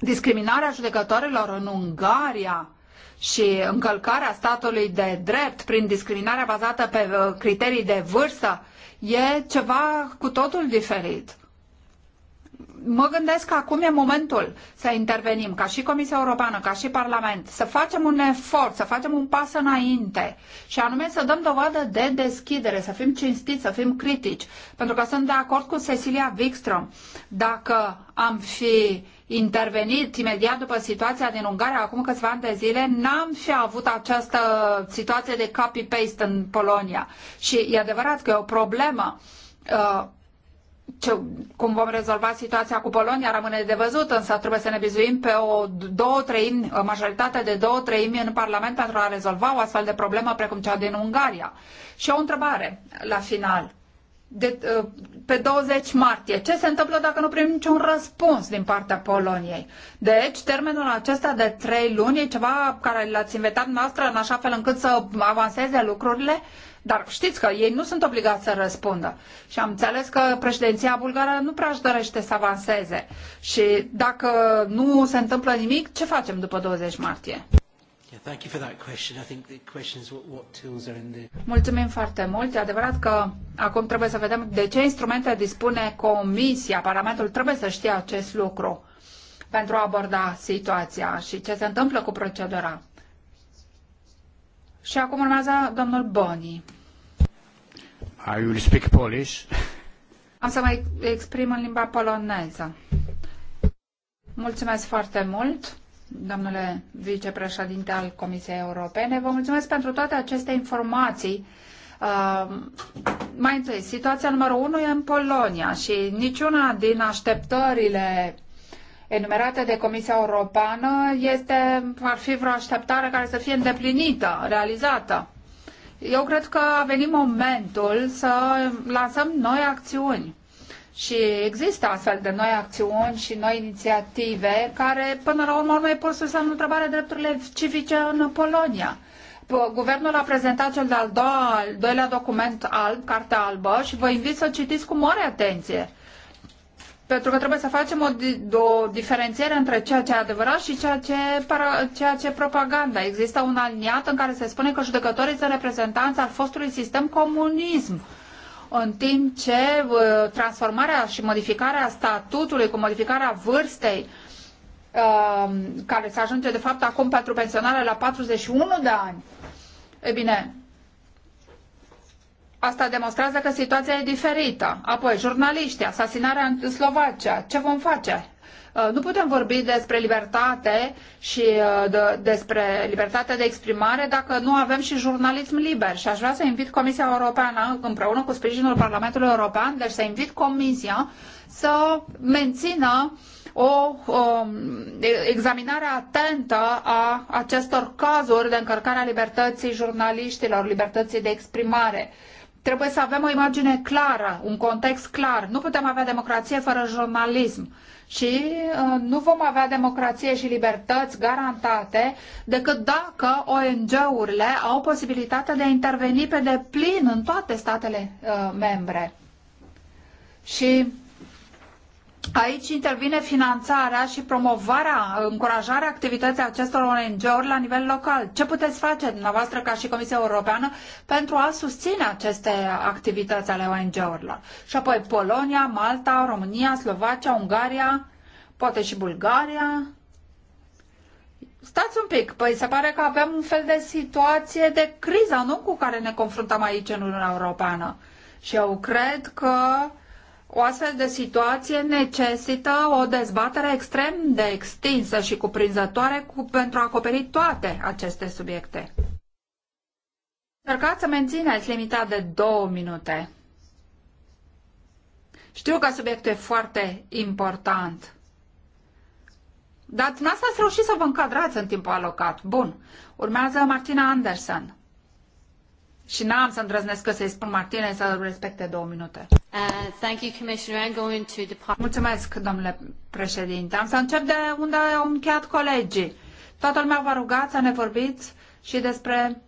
Discriminarea judecătorilor în Ungaria și încălcarea statului de drept prin discriminarea bazată pe uh, criterii de vârstă e ceva cu totul diferit. Mă gândesc că acum e momentul să intervenim ca și Comisia Europeană, ca și Parlament, să facem un efort, să facem un pas înainte și anume să dăm dovadă de deschidere, să fim cinstiți, să fim critici. Pentru că sunt de acord cu Cecilia Wikström. Dacă am fi intervenit imediat după situația din Ungaria, acum câțiva ani de zile, n-am fi avut această situație de copy-paste în Polonia. Și e adevărat că e o problemă. Uh, ce, cum vom rezolva situația cu Polonia rămâne de văzut, însă trebuie să ne bizuim pe o, două treimi, o majoritate de două treimi în Parlament pentru a rezolva o astfel de problemă precum cea din Ungaria. Și o întrebare la final de, uh, pe 20 martie. Ce se întâmplă dacă nu primim niciun răspuns din partea Poloniei? Deci, termenul acesta de trei luni e ceva care l-ați inventat noastră în așa fel încât să avanseze lucrurile? Dar știți că ei nu sunt obligați să răspundă. Și am înțeles că președinția bulgară nu prea își dorește să avanseze. Și dacă nu se întâmplă nimic, ce facem după 20 martie? Mulțumim foarte mult. E adevărat că acum trebuie să vedem de ce instrumente dispune Comisia. Parlamentul trebuie să știe acest lucru pentru a aborda situația și ce se întâmplă cu procedura. Și acum urmează domnul Boni. I will speak Polish. Am să mă exprim în limba poloneză. Mulțumesc foarte mult domnule vicepreședinte al Comisiei Europene. Vă mulțumesc pentru toate aceste informații. Uh, mai întâi, situația numărul unu e în Polonia și niciuna din așteptările enumerate de Comisia Europeană este, ar fi vreo așteptare care să fie îndeplinită, realizată. Eu cred că a venit momentul să lansăm noi acțiuni și există astfel de noi acțiuni și noi inițiative care, până la urmă, mai pot să înseamnă întrebarea drepturile civice în Polonia. Guvernul a prezentat cel de-al doilea document alb, cartea albă, și vă invit să citiți cu mare atenție. Pentru că trebuie să facem o, o diferențiere între ceea ce e adevărat și ceea ce, para, ceea ce e propaganda. Există un aliniat în care se spune că judecătorii sunt reprezentanți al fostului sistem comunism în timp ce uh, transformarea și modificarea statutului cu modificarea vârstei uh, care se ajunge de fapt acum pentru pensionare la 41 de ani. E bine, asta demonstrează că situația e diferită. Apoi, jurnaliștii, asasinarea în Slovacia, ce vom face? Uh, nu putem vorbi despre libertate și uh, de, despre libertatea de exprimare dacă nu avem și jurnalism liber. Și aș vrea să invit Comisia Europeană, împreună cu sprijinul Parlamentului European, deci să invit Comisia să mențină o, um, examinare atentă a acestor cazuri de încărcare a libertății jurnaliștilor, libertății de exprimare. Uh, Trebuie să avem o imagine clară, un context clar. Nu putem avea democrație fără jurnalism și uh, nu vom avea democrație și libertăți garantate decât dacă ONG-urile au posibilitatea de a interveni pe deplin în toate statele uh, membre. Și Aici intervine finanțarea și promovarea, încurajarea activității acestor ONG-uri la nivel local. Ce puteți face dumneavoastră ca și Comisia Europeană pentru a susține aceste activități ale ONG-urilor? Și apoi Polonia, Malta, România, Slovacia, Ungaria, poate și Bulgaria. Stați un pic, păi se pare că avem un fel de situație de criză, nu cu care ne confruntăm aici în Uniunea Europeană. Și eu cred că o astfel de situație necesită o dezbatere extrem de extinsă și cuprinzătoare cu, pentru a acoperi toate aceste subiecte. Încercați să mențineți limita de două minute. Știu că subiectul e foarte important. Dar dumneavoastră ați reușit să vă încadrați în timpul alocat. Bun. Urmează Martina Anderson. Și n-am să îndrăznesc să-i spun Martinei să respecte două minute. Uh, thank you, Commissioner. I'm going to depart. Mulțumesc, domnule președinte. Am să încep de unde au încheiat colegii. Toată lumea v-a rugat să ne vorbiți și despre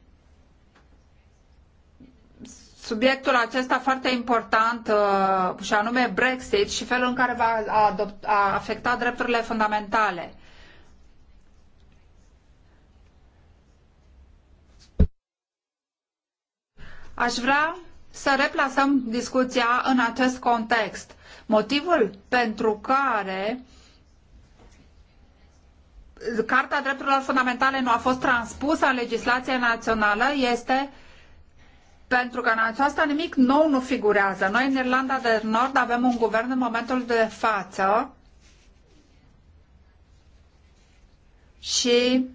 subiectul acesta foarte important uh, și anume Brexit și felul în care va afecta drepturile fundamentale. Aș vrea să replasăm discuția în acest context. Motivul pentru care Carta Drepturilor Fundamentale nu a fost transpusă în legislația națională este pentru că în aceasta nimic nou nu figurează. Noi în Irlanda de Nord avem un guvern în momentul de față și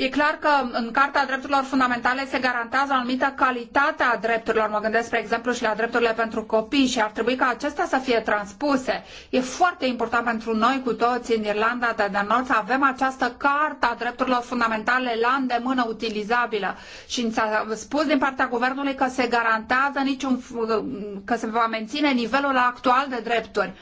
E clar că în Carta Drepturilor Fundamentale se garantează o anumită calitate a drepturilor. Mă gândesc, spre exemplu, și la drepturile pentru copii și ar trebui ca acestea să fie transpuse. E foarte important pentru noi cu toții în Irlanda de, de Nord să avem această Carta Drepturilor Fundamentale la îndemână utilizabilă. Și s-a spus din partea Guvernului că se garantează niciun, că se va menține nivelul actual de drepturi.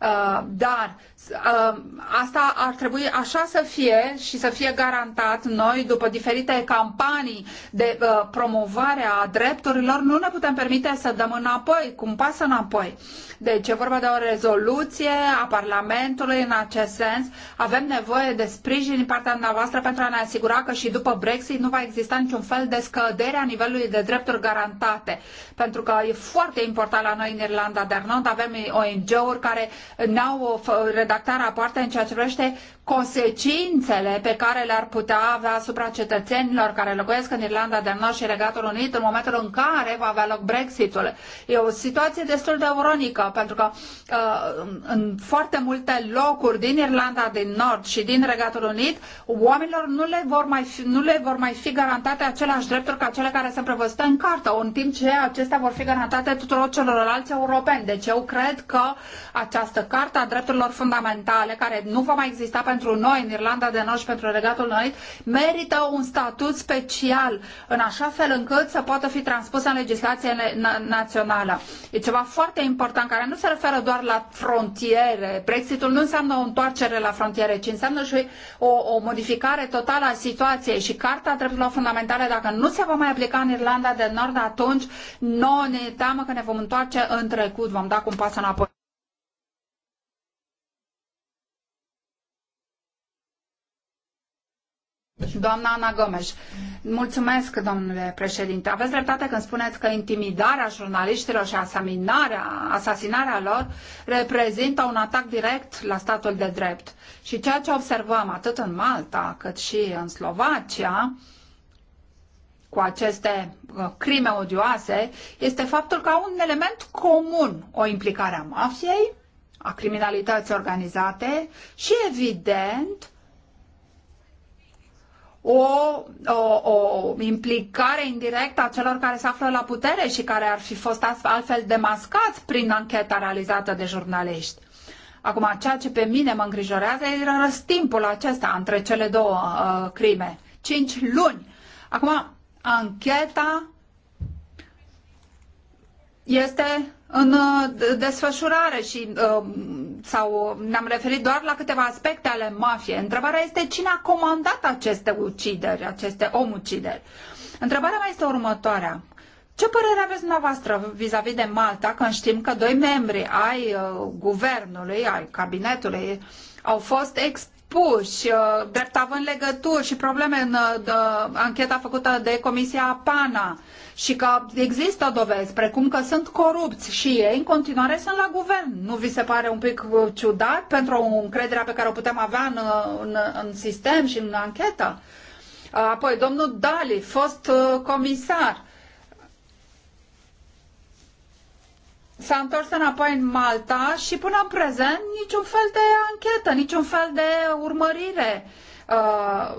Uh, dar Uh, asta ar trebui așa să fie și să fie garantat noi după diferite campanii de uh, promovare a drepturilor, nu ne putem permite să dăm înapoi, cum pasă înapoi. Deci e vorba de o rezoluție a Parlamentului în acest sens. Avem nevoie de sprijin din partea dumneavoastră pentru a ne asigura că și după Brexit nu va exista niciun fel de scădere a nivelului de drepturi garantate. Pentru că e foarte important la noi în Irlanda de Arnold, avem ONG-uri care ne-au redat uh, redacta rapoarte în ceea ce privește consecințele pe care le-ar putea avea asupra cetățenilor care locuiesc în Irlanda de Nord și Regatul Unit în momentul în care va avea loc Brexitul. E o situație destul de uronică, pentru că uh, în foarte multe locuri din Irlanda de Nord și din Regatul Unit, oamenilor nu le vor mai fi, nu le vor mai fi garantate aceleași drepturi ca cele care sunt prevăzute în cartă, în timp ce acestea vor fi garantate tuturor celorlalți europeni. Deci eu cred că această carta a drepturilor fundamentale, care nu va mai exista pentru pentru noi, în Irlanda de Nord și pentru Regatul Unit, merită un statut special, în așa fel încât să poată fi transpusă în legislație națională. E ceva foarte important, care nu se referă doar la frontiere. Brexitul nu înseamnă o întoarcere la frontiere, ci înseamnă și o, o modificare totală a situației și Carta Drepturilor Fundamentale, dacă nu se va mai aplica în Irlanda de Nord, atunci nu ne teamă că ne vom întoarce în trecut, vom da cu un pas înapoi. Doamna Ana Gomes, mulțumesc, domnule președinte. Aveți dreptate când spuneți că intimidarea jurnaliștilor și asasinarea, asasinarea lor reprezintă un atac direct la statul de drept. Și ceea ce observăm atât în Malta cât și în Slovacia, cu aceste uh, crime odioase, este faptul că au un element comun, o implicare a mafiei, a criminalității organizate și, evident, o, o, o implicare indirectă a celor care se află la putere și care ar fi fost altfel demascați prin ancheta realizată de jurnaliști. Acum, ceea ce pe mine mă îngrijorează e răstimpul acesta între cele două uh, crime. Cinci luni. Acum, ancheta este în uh, desfășurare și um, sau uh, ne-am referit doar la câteva aspecte ale mafiei. Întrebarea este cine a comandat aceste ucideri, aceste omucideri. Întrebarea mea este următoarea. Ce părere aveți dumneavoastră vis-a-vis de Malta când știm că doi membri ai uh, guvernului, ai cabinetului, au fost exp puși drept în legături și probleme în uh, ancheta făcută de Comisia PANA și că există dovezi, precum că sunt corupți și ei în continuare sunt la guvern. Nu vi se pare un pic uh, ciudat pentru încrederea pe care o putem avea în, uh, în, în sistem și în anchetă? Apoi, domnul Dali, fost comisar, s-a întors înapoi în Malta și până în prezent niciun fel de anchetă, niciun fel de urmărire uh,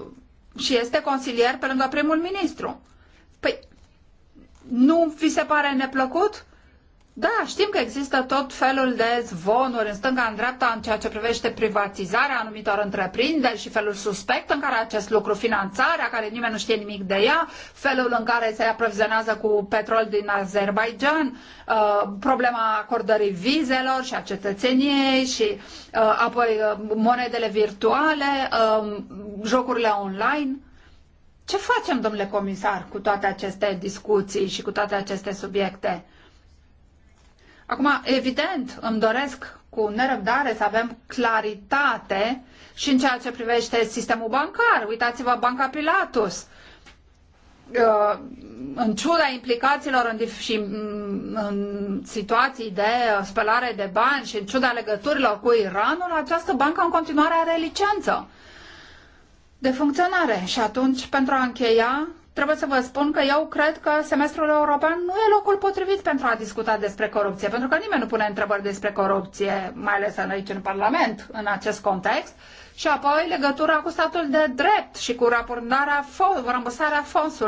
și este consilier pe lângă primul ministru. Păi, nu vi se pare neplăcut? Da, știm că există tot felul de zvonuri în stânga, în dreapta, în ceea ce privește privatizarea anumitor întreprinderi și felul suspect în care acest lucru, finanțarea, care nimeni nu știe nimic de ea, felul în care se aprovizionează cu petrol din Azerbaijan, uh, problema acordării vizelor și a cetățeniei și uh, apoi uh, monedele virtuale, jocurile online. Ce facem, domnule comisar, cu toate aceste discuții și cu toate aceste subiecte? Acum, evident, îmi doresc cu nerăbdare să avem claritate și în ceea ce privește sistemul bancar. Uitați-vă Banca Pilatus. Uh, în ciuda implicațiilor în, și mm, în situații de uh, spălare de bani și în ciuda legăturilor cu Iranul, această bancă în continuare are licență de funcționare. Și atunci, pentru a încheia, trebuie să vă spun că eu cred că semestrul european nu e locul potrivit pentru a discuta despre corupție, pentru că nimeni nu pune întrebări despre corupție, mai ales aici în Parlament, în acest context. Și apoi legătura cu statul de drept și cu raportarea, rambursarea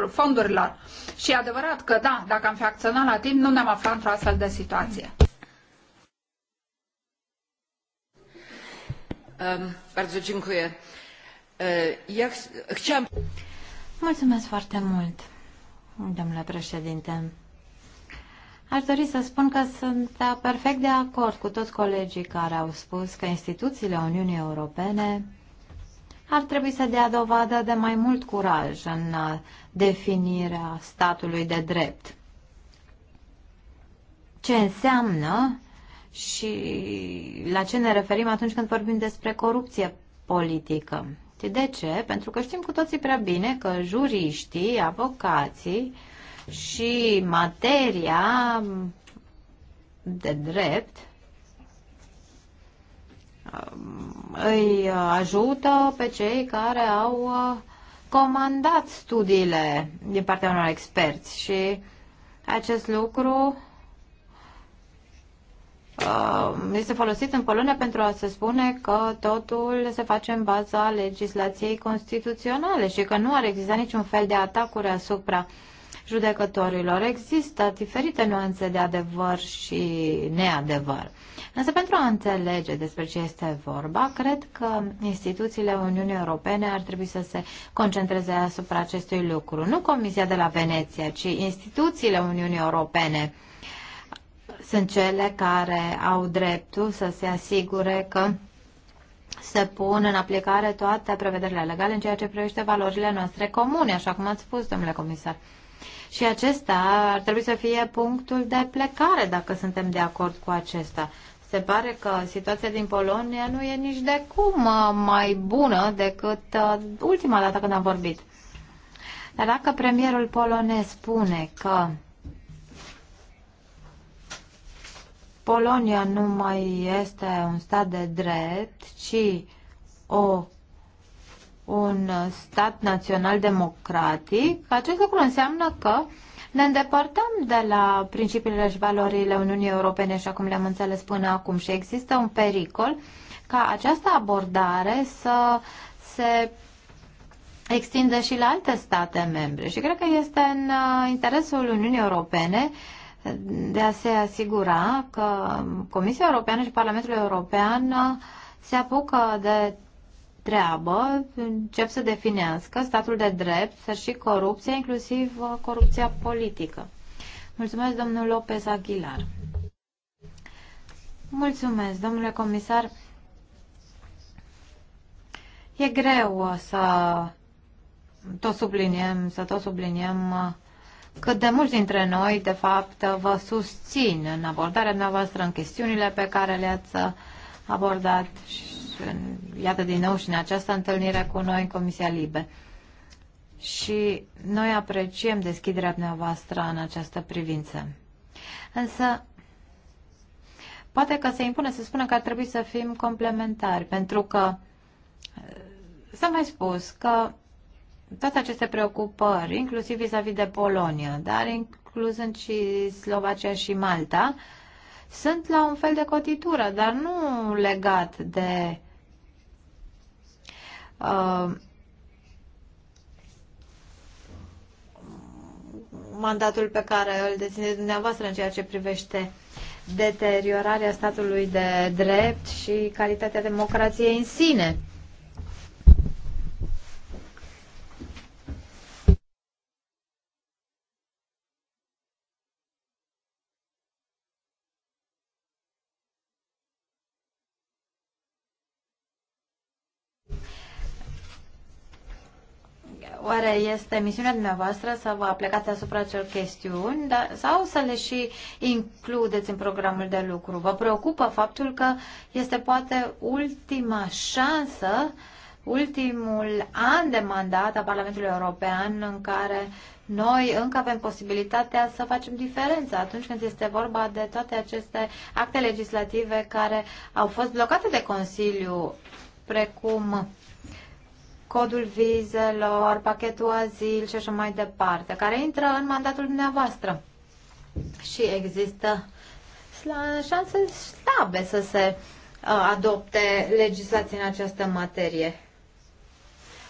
fondurilor. Și e adevărat că da, dacă am fi acționat la timp, nu ne-am aflat într-o astfel de situație. Um, bardzo dziękuję. Uh, ja ch- chciałam... Mulțumesc foarte mult, domnule președinte. Aș dori să spun că sunt perfect de acord cu toți colegii care au spus că instituțiile Uniunii Europene ar trebui să dea dovadă de mai mult curaj în definirea statului de drept. Ce înseamnă și la ce ne referim atunci când vorbim despre corupție politică. Și de ce? Pentru că știm cu toții prea bine că juriștii, avocații și materia de drept um, îi ajută pe cei care au uh, comandat studiile din partea unor experți și acest lucru Uh, este folosit în Polonia pentru a se spune că totul se face în baza legislației constituționale și că nu ar exista niciun fel de atacuri asupra judecătorilor. Există diferite nuanțe de adevăr și neadevăr. Însă pentru a înțelege despre ce este vorba, cred că instituțiile Uniunii Europene ar trebui să se concentreze asupra acestui lucru. Nu Comisia de la Veneția, ci instituțiile Uniunii Europene sunt cele care au dreptul să se asigure că se pun în aplicare toate prevederile legale în ceea ce privește valorile noastre comune, așa cum ați spus, domnule comisar. Și acesta ar trebui să fie punctul de plecare, dacă suntem de acord cu acesta. Se pare că situația din Polonia nu e nici de cum uh, mai bună decât uh, ultima dată când am vorbit. Dar dacă premierul polonez spune că Polonia nu mai este un stat de drept, ci o, un stat național democratic, acest lucru înseamnă că ne îndepărtăm de la principiile și valorile Uniunii Europene, așa cum le-am înțeles până acum, și există un pericol ca această abordare să se extindă și la alte state membre. Și cred că este în uh, interesul Uniunii Europene de a se asigura că Comisia Europeană și Parlamentul European se apucă de treabă, încep să definească statul de drept și corupția, inclusiv corupția politică. Mulțumesc, domnul Lopez Aguilar. Mulțumesc, domnule comisar. E greu să tot subliniem, să tot subliniem uh, cât de mulți dintre noi, de fapt, vă susțin în abordarea dumneavoastră, în chestiunile pe care le-ați abordat și, iată, din nou și în această întâlnire cu noi în Comisia Libe. Și noi apreciem deschiderea dumneavoastră în această privință. Însă, poate că se impune să spună că ar trebui să fim complementari, pentru că s-a mai spus că toate aceste preocupări, inclusiv vis-a-vis -vis de Polonia, dar incluzând și Slovacia și Malta, sunt la un fel de cotitură, dar nu legat de uh, mandatul pe care îl deține dumneavoastră în ceea ce privește deteriorarea statului de drept și calitatea democrației în sine. Oare este misiunea dumneavoastră să vă aplicați asupra acelor chestiuni da, sau să le și includeți în programul de lucru? Vă preocupă faptul că este poate ultima șansă, ultimul an de mandat a Parlamentului European în care noi încă avem posibilitatea să facem diferența atunci când este vorba de toate aceste acte legislative care au fost blocate de Consiliu, precum codul vizelor, pachetul azil și așa mai departe, care intră în mandatul dumneavoastră. Și există șanse slabe să se uh, adopte legislație în această materie.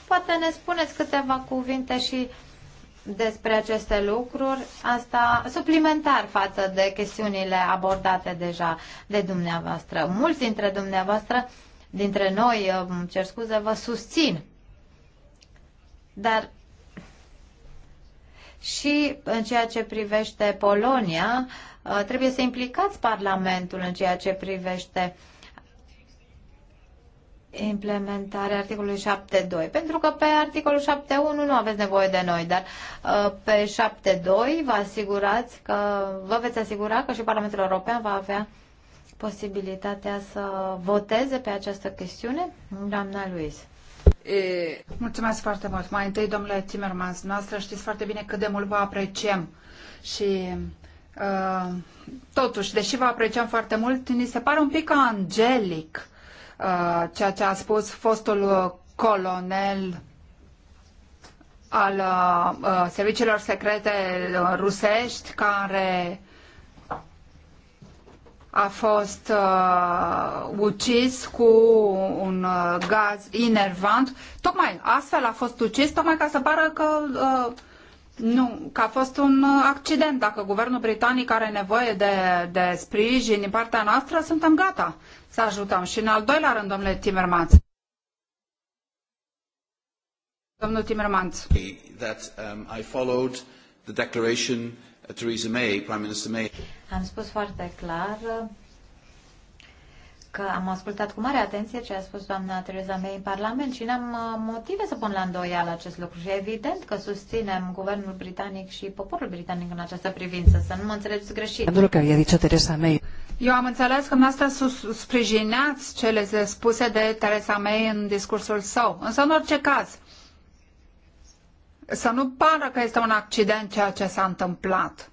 Poate ne spuneți câteva cuvinte și despre aceste lucruri, asta suplimentar față de chestiunile abordate deja de dumneavoastră. Mulți dintre dumneavoastră, dintre noi, cer scuze, vă susțin dar și în ceea ce privește Polonia, uh, trebuie să implicați Parlamentul în ceea ce privește implementarea articolului 7.2, pentru că pe articolul 7.1 nu aveți nevoie de noi, dar uh, pe 7.2 vă asigurați că vă veți asigura că și Parlamentul European va avea posibilitatea să voteze pe această chestiune, doamna Luis. Mulțumesc foarte mult. Mai întâi, domnule Timmermans, noastră știți foarte bine cât de mult vă apreciem și uh, totuși, deși vă apreciem foarte mult, ni se pare un pic angelic uh, ceea ce a spus fostul colonel al uh, serviciilor secrete rusești care a fost uh, ucis cu un uh, gaz inervant. Tocmai astfel a fost ucis, tocmai ca să pară că uh, nu, că a fost un uh, accident. Dacă guvernul britanic are nevoie de, de sprijin din partea noastră, suntem gata să ajutăm. Și în al doilea rând, domnule Timmermans. Domnul Timmermans. That, um, I followed the declaration Uh, Theresa May, Prime Minister May. Am spus foarte clar că am ascultat cu mare atenție ce a spus doamna Theresa May în Parlament și n-am uh, motive să pun la îndoială acest lucru. Și evident că susținem guvernul britanic și poporul britanic în această privință, să nu mă înțelegeți greșit. Eu am înțeles că dumneavoastră sprijineați cele spuse de Theresa May în discursul său, însă în orice caz, să nu pară că este un accident ceea ce s-a întâmplat.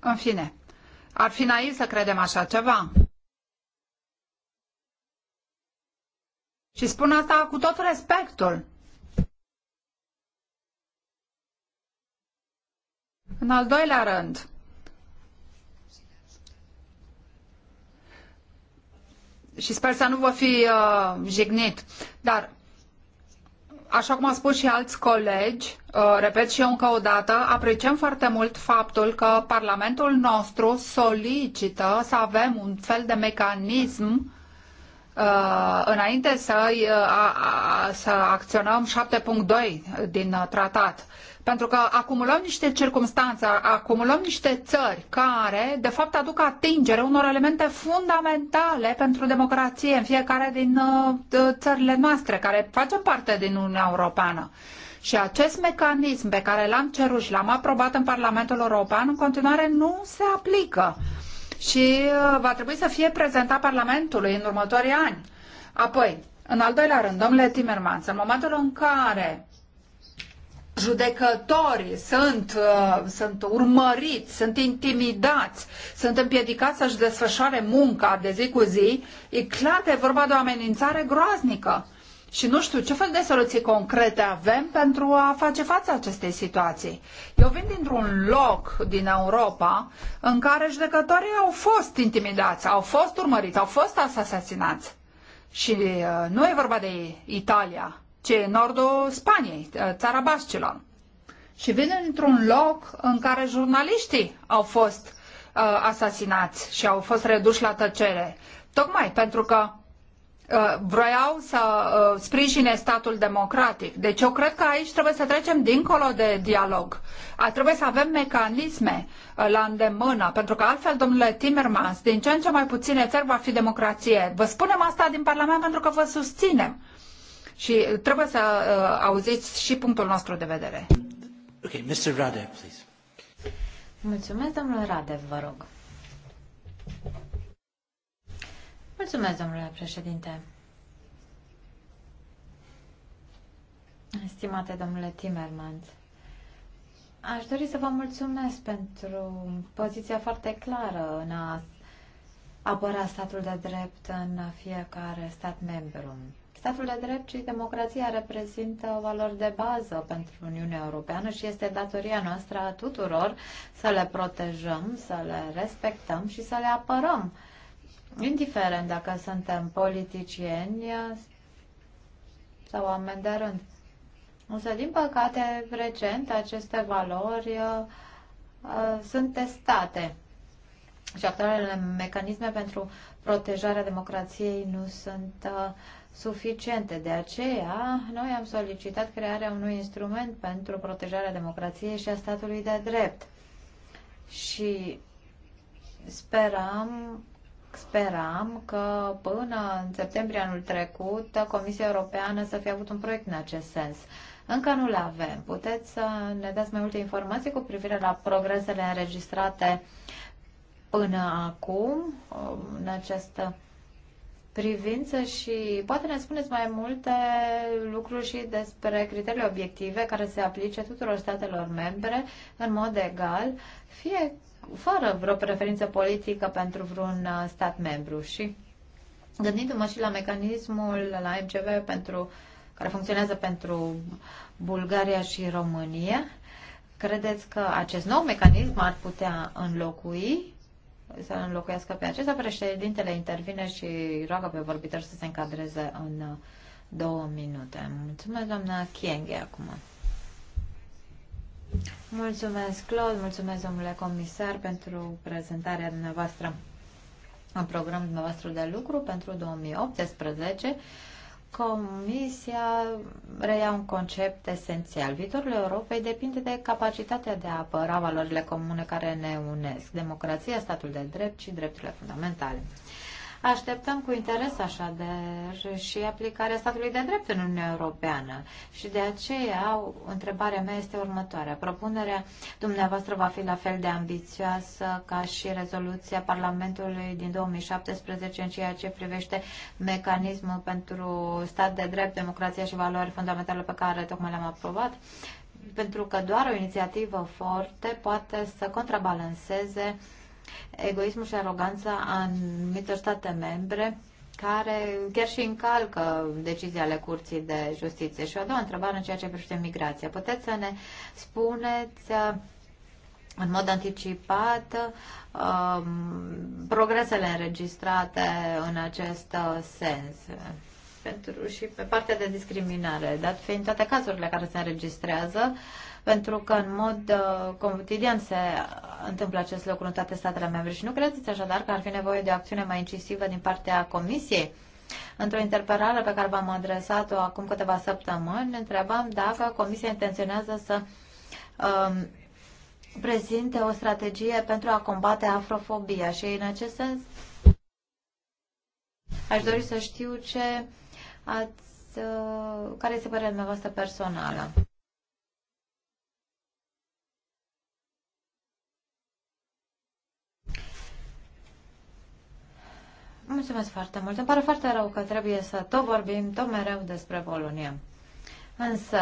În fine, ar fi naiv să credem așa ceva. Și spun asta cu tot respectul. În al doilea rând, și sper să nu vă fi uh, jignit, dar așa cum au spus și alți colegi, uh, repet și eu încă o dată, apreciem foarte mult faptul că Parlamentul nostru solicită să avem un fel de mecanism uh, înainte să, uh, să acționăm 7.2 din tratat. Pentru că acumulăm niște circumstanțe, acumulăm niște țări care, de fapt, aduc atingere unor elemente fundamentale pentru democrație în fiecare din uh, ă, țările noastre, care facem parte din Uniunea Europeană. Și acest mecanism pe care l-am cerut și l-am aprobat în Parlamentul European, în continuare nu se aplică și uh, va trebui să fie prezentat Parlamentului în următorii ani. Apoi, în al doilea rând, domnule Timmermans, în momentul în care judecătorii sunt, uh, sunt urmăriți, sunt intimidați, sunt împiedicați să-și desfășoare munca de zi cu zi, e clar că e vorba de o amenințare groaznică. Și nu știu ce fel de soluții concrete avem pentru a face față acestei situații. Eu vin dintr-un loc din Europa în care judecătorii au fost intimidați, au fost urmăriți, au fost asasinați. Și uh, nu e vorba de Italia, ce e nordul Spaniei, ă, țara Bascilor. Și vin într-un loc în care jurnaliștii au fost uh, asasinați și au fost reduși la tăcere. Tocmai pentru că ă, vroiau să sprijine statul democratic. Deci eu cred că aici trebuie să trecem dincolo de dialog. A, trebuie să avem mecanisme la îndemână, pentru că altfel, domnule Timmermans, din ce în ce mai puține țări va fi democrație. Vă spunem asta din Parlament pentru că vă susținem și trebuie să uh, auziți și punctul nostru de vedere. Okay, Mr. Radev, please. Mulțumesc, domnule Radev, vă rog. Mulțumesc, domnule președinte. Stimate domnule Timmermans, aș dori să vă mulțumesc pentru poziția foarte clară în a apăra statul de drept în fiecare stat membru. Statul de drept și democrația reprezintă valori de bază pentru Uniunea Europeană și este datoria noastră a tuturor să le protejăm, să le respectăm și să le apărăm. Indiferent dacă suntem politicieni sau oameni de rând. Însă, din păcate, recent aceste valori uh, sunt testate și actualele mecanisme pentru protejarea democrației nu sunt uh, suficiente. De aceea, noi am solicitat crearea unui instrument pentru protejarea democrației și a statului de drept. Și speram, speram că până în septembrie anul trecut Comisia Europeană să fie avut un proiect în acest sens. Încă nu-l avem. Puteți să ne dați mai multe informații cu privire la progresele înregistrate până acum în această privință și poate ne spuneți mai multe lucruri și despre criteriile obiective care se aplice tuturor statelor membre în mod egal, fie fără vreo preferință politică pentru vreun uh, stat membru. Și gândindu-mă și la mecanismul la MCV pentru, care funcționează pentru Bulgaria și România, credeți că acest nou mecanism ar putea înlocui să înlocuiască pe acesta. Președintele intervine și roagă pe vorbitor să se încadreze în uh, două minute. Mulțumesc, doamna Chienghe, acum. Mulțumesc, Claude, mulțumesc, domnule comisar, pentru prezentarea dumneavoastră în programul dumneavoastră de lucru pentru 2018 Comisia reia un concept esențial. Viitorul Europei depinde de capacitatea de a apăra valorile comune care ne unesc, democrația, statul de drept și drepturile fundamentale. Așteptăm cu interes așa de, și aplicarea statului de drept în Uniunea Europeană. Și de aceea, întrebarea mea este următoarea. Propunerea dumneavoastră va fi la fel de ambițioasă ca și rezoluția Parlamentului din 2017 în ceea ce privește mecanismul pentru stat de drept, democrația și valori fundamentale pe care tocmai le-am aprobat? pentru că doar o inițiativă forte poate să contrabalanceze egoismul și aroganța anumitor state membre care chiar și încalcă decizia ale Curții de Justiție. Și o a doua întrebare în ceea ce privește migrația. Puteți să ne spuneți uh, în mod anticipat uh, um, progresele înregistrate în acest uh, sens? pentru, și pe partea de discriminare, dat fiind toate cazurile care se înregistrează, pentru că în mod uh, cotidian se întâmplă acest lucru în toate statele membre și nu credeți așadar că ar fi nevoie de o acțiune mai incisivă din partea Comisiei? Într-o interpelare pe care v-am adresat-o acum câteva săptămâni, întrebam dacă Comisia intenționează să um, prezinte o strategie pentru a combate afrofobia și în acest sens aș dori să știu ce ați, uh, care este părerea dumneavoastră personală? Mulțumesc foarte mult. Îmi pare foarte rău că trebuie să tot vorbim tot mereu despre Polonia. Însă,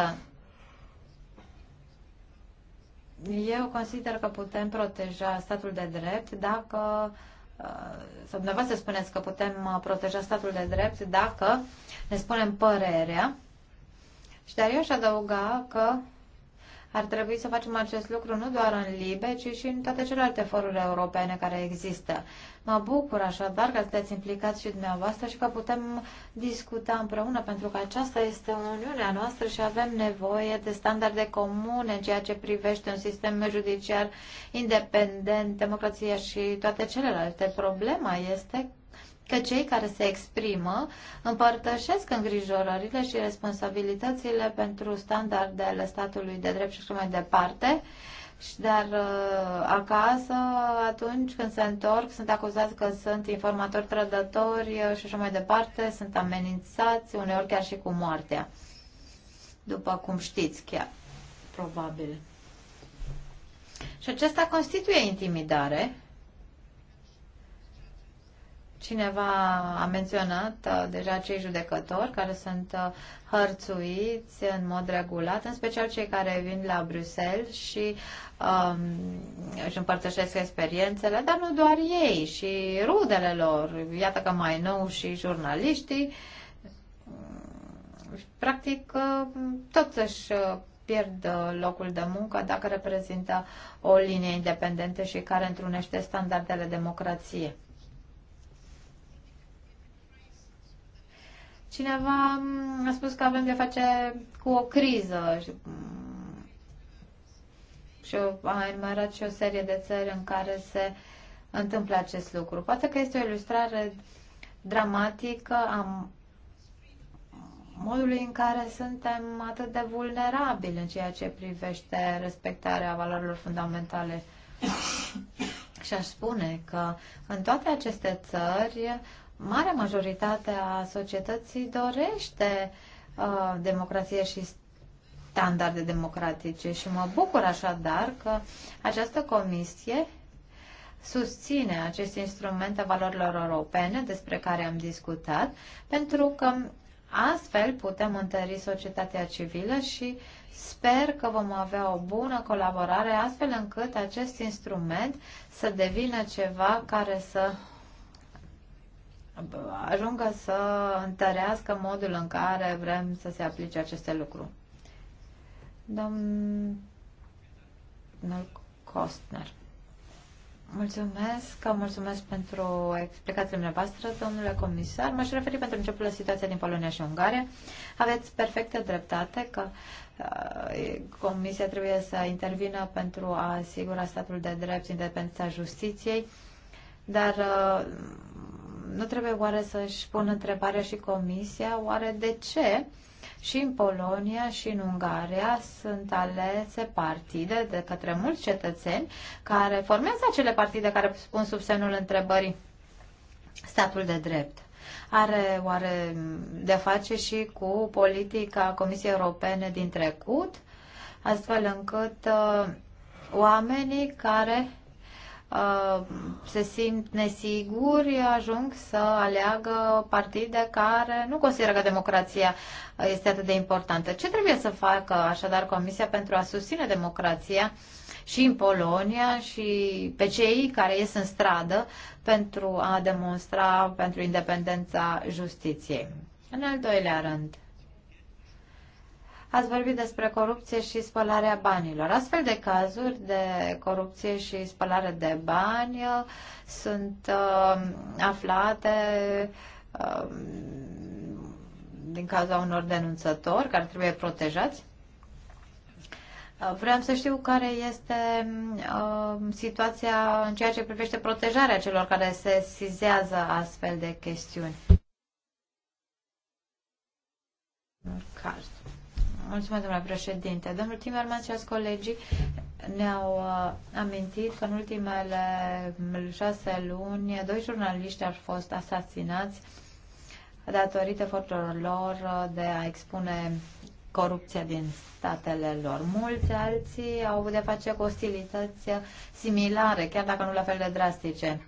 eu consider că putem proteja statul de drept dacă uh, Uh, sau dumneavoastră spuneți că putem uh, proteja statul de drept dacă ne spunem părerea. Și dar eu aș adăuga că ar trebui să facem acest lucru nu doar în Libe, ci și în toate celelalte foruri europene care există. Mă bucur așadar că sunteți implicați și dumneavoastră și că putem discuta împreună, pentru că aceasta este Uniunea noastră și avem nevoie de standarde comune în ceea ce privește un sistem judiciar independent, democrația și toate celelalte. Problema este că cei care se exprimă împărtășesc îngrijorările și responsabilitățile pentru standardele statului de drept și așa mai departe, dar uh, acasă, atunci când se întorc, sunt acuzați că sunt informatori trădători uh, și așa mai departe, sunt amenințați, uneori chiar și cu moartea. După cum știți chiar, probabil. Și acesta constituie intimidare Cineva a menționat uh, deja cei judecători care sunt uh, hărțuiți în mod regulat, în special cei care vin la Bruxelles și um, își împărtășesc experiențele, dar nu doar ei, și rudele lor. Iată că mai nou și jurnaliștii, mm, practic, uh, tot își pierd locul de muncă dacă reprezintă o linie independentă și care întrunește standardele democrației. Cineva a spus că avem de a face cu o criză și, și a enumerat și o serie de țări în care se întâmplă acest lucru. Poate că este o ilustrare dramatică a modului în care suntem atât de vulnerabili în ceea ce privește respectarea valorilor fundamentale. <coughs> Și aș spune că în toate aceste țări marea majoritate a societății dorește uh, democrație și standarde democratice și mă bucur așadar că această comisie susține acest instrument a valorilor europene despre care am discutat, pentru că astfel putem întări societatea civilă și sper că vom avea o bună colaborare astfel încât acest instrument să devină ceva care să ajungă să întărească modul în care vrem să se aplice aceste lucruri. Domnul Costner. Mulțumesc, mulțumesc pentru explicațiile dumneavoastră, domnule comisar. M-aș referi pentru început la situația din Polonia și Ungaria. Aveți perfectă dreptate că uh, Comisia trebuie să intervină pentru a asigura statul de drept, independența justiției, dar uh, nu trebuie oare să-și pun întrebarea și Comisia, oare de ce și în Polonia și în Ungaria sunt alese partide de către mulți cetățeni care formează acele partide care spun sub semnul întrebării statul de drept. Are oare de face și cu politica Comisiei Europene din trecut, astfel încât uh, oamenii care Uh, se simt nesiguri, ajung să aleagă partide care nu consideră că democrația este atât de importantă. Ce trebuie să facă așadar Comisia pentru a susține democrația și în Polonia și pe cei care ies în stradă pentru a demonstra pentru independența justiției? În al doilea rând, ați vorbit despre corupție și spălarea banilor. Astfel de cazuri de corupție și spălare de bani uh, sunt uh, aflate uh, din cauza unor denunțători care trebuie protejați. Uh, vreau să știu care este uh, situația în ceea ce privește protejarea celor care se sizează astfel de chestiuni. Card. Mulțumesc, domnule președinte. Domnul Timerman și alți colegii ne-au uh, amintit că în ultimele șase luni doi jurnaliști au fost asasinați datorită eforturilor lor de a expune corupția din statele lor. Mulți alții au avut de face cu ostilități similare, chiar dacă nu la fel de drastice.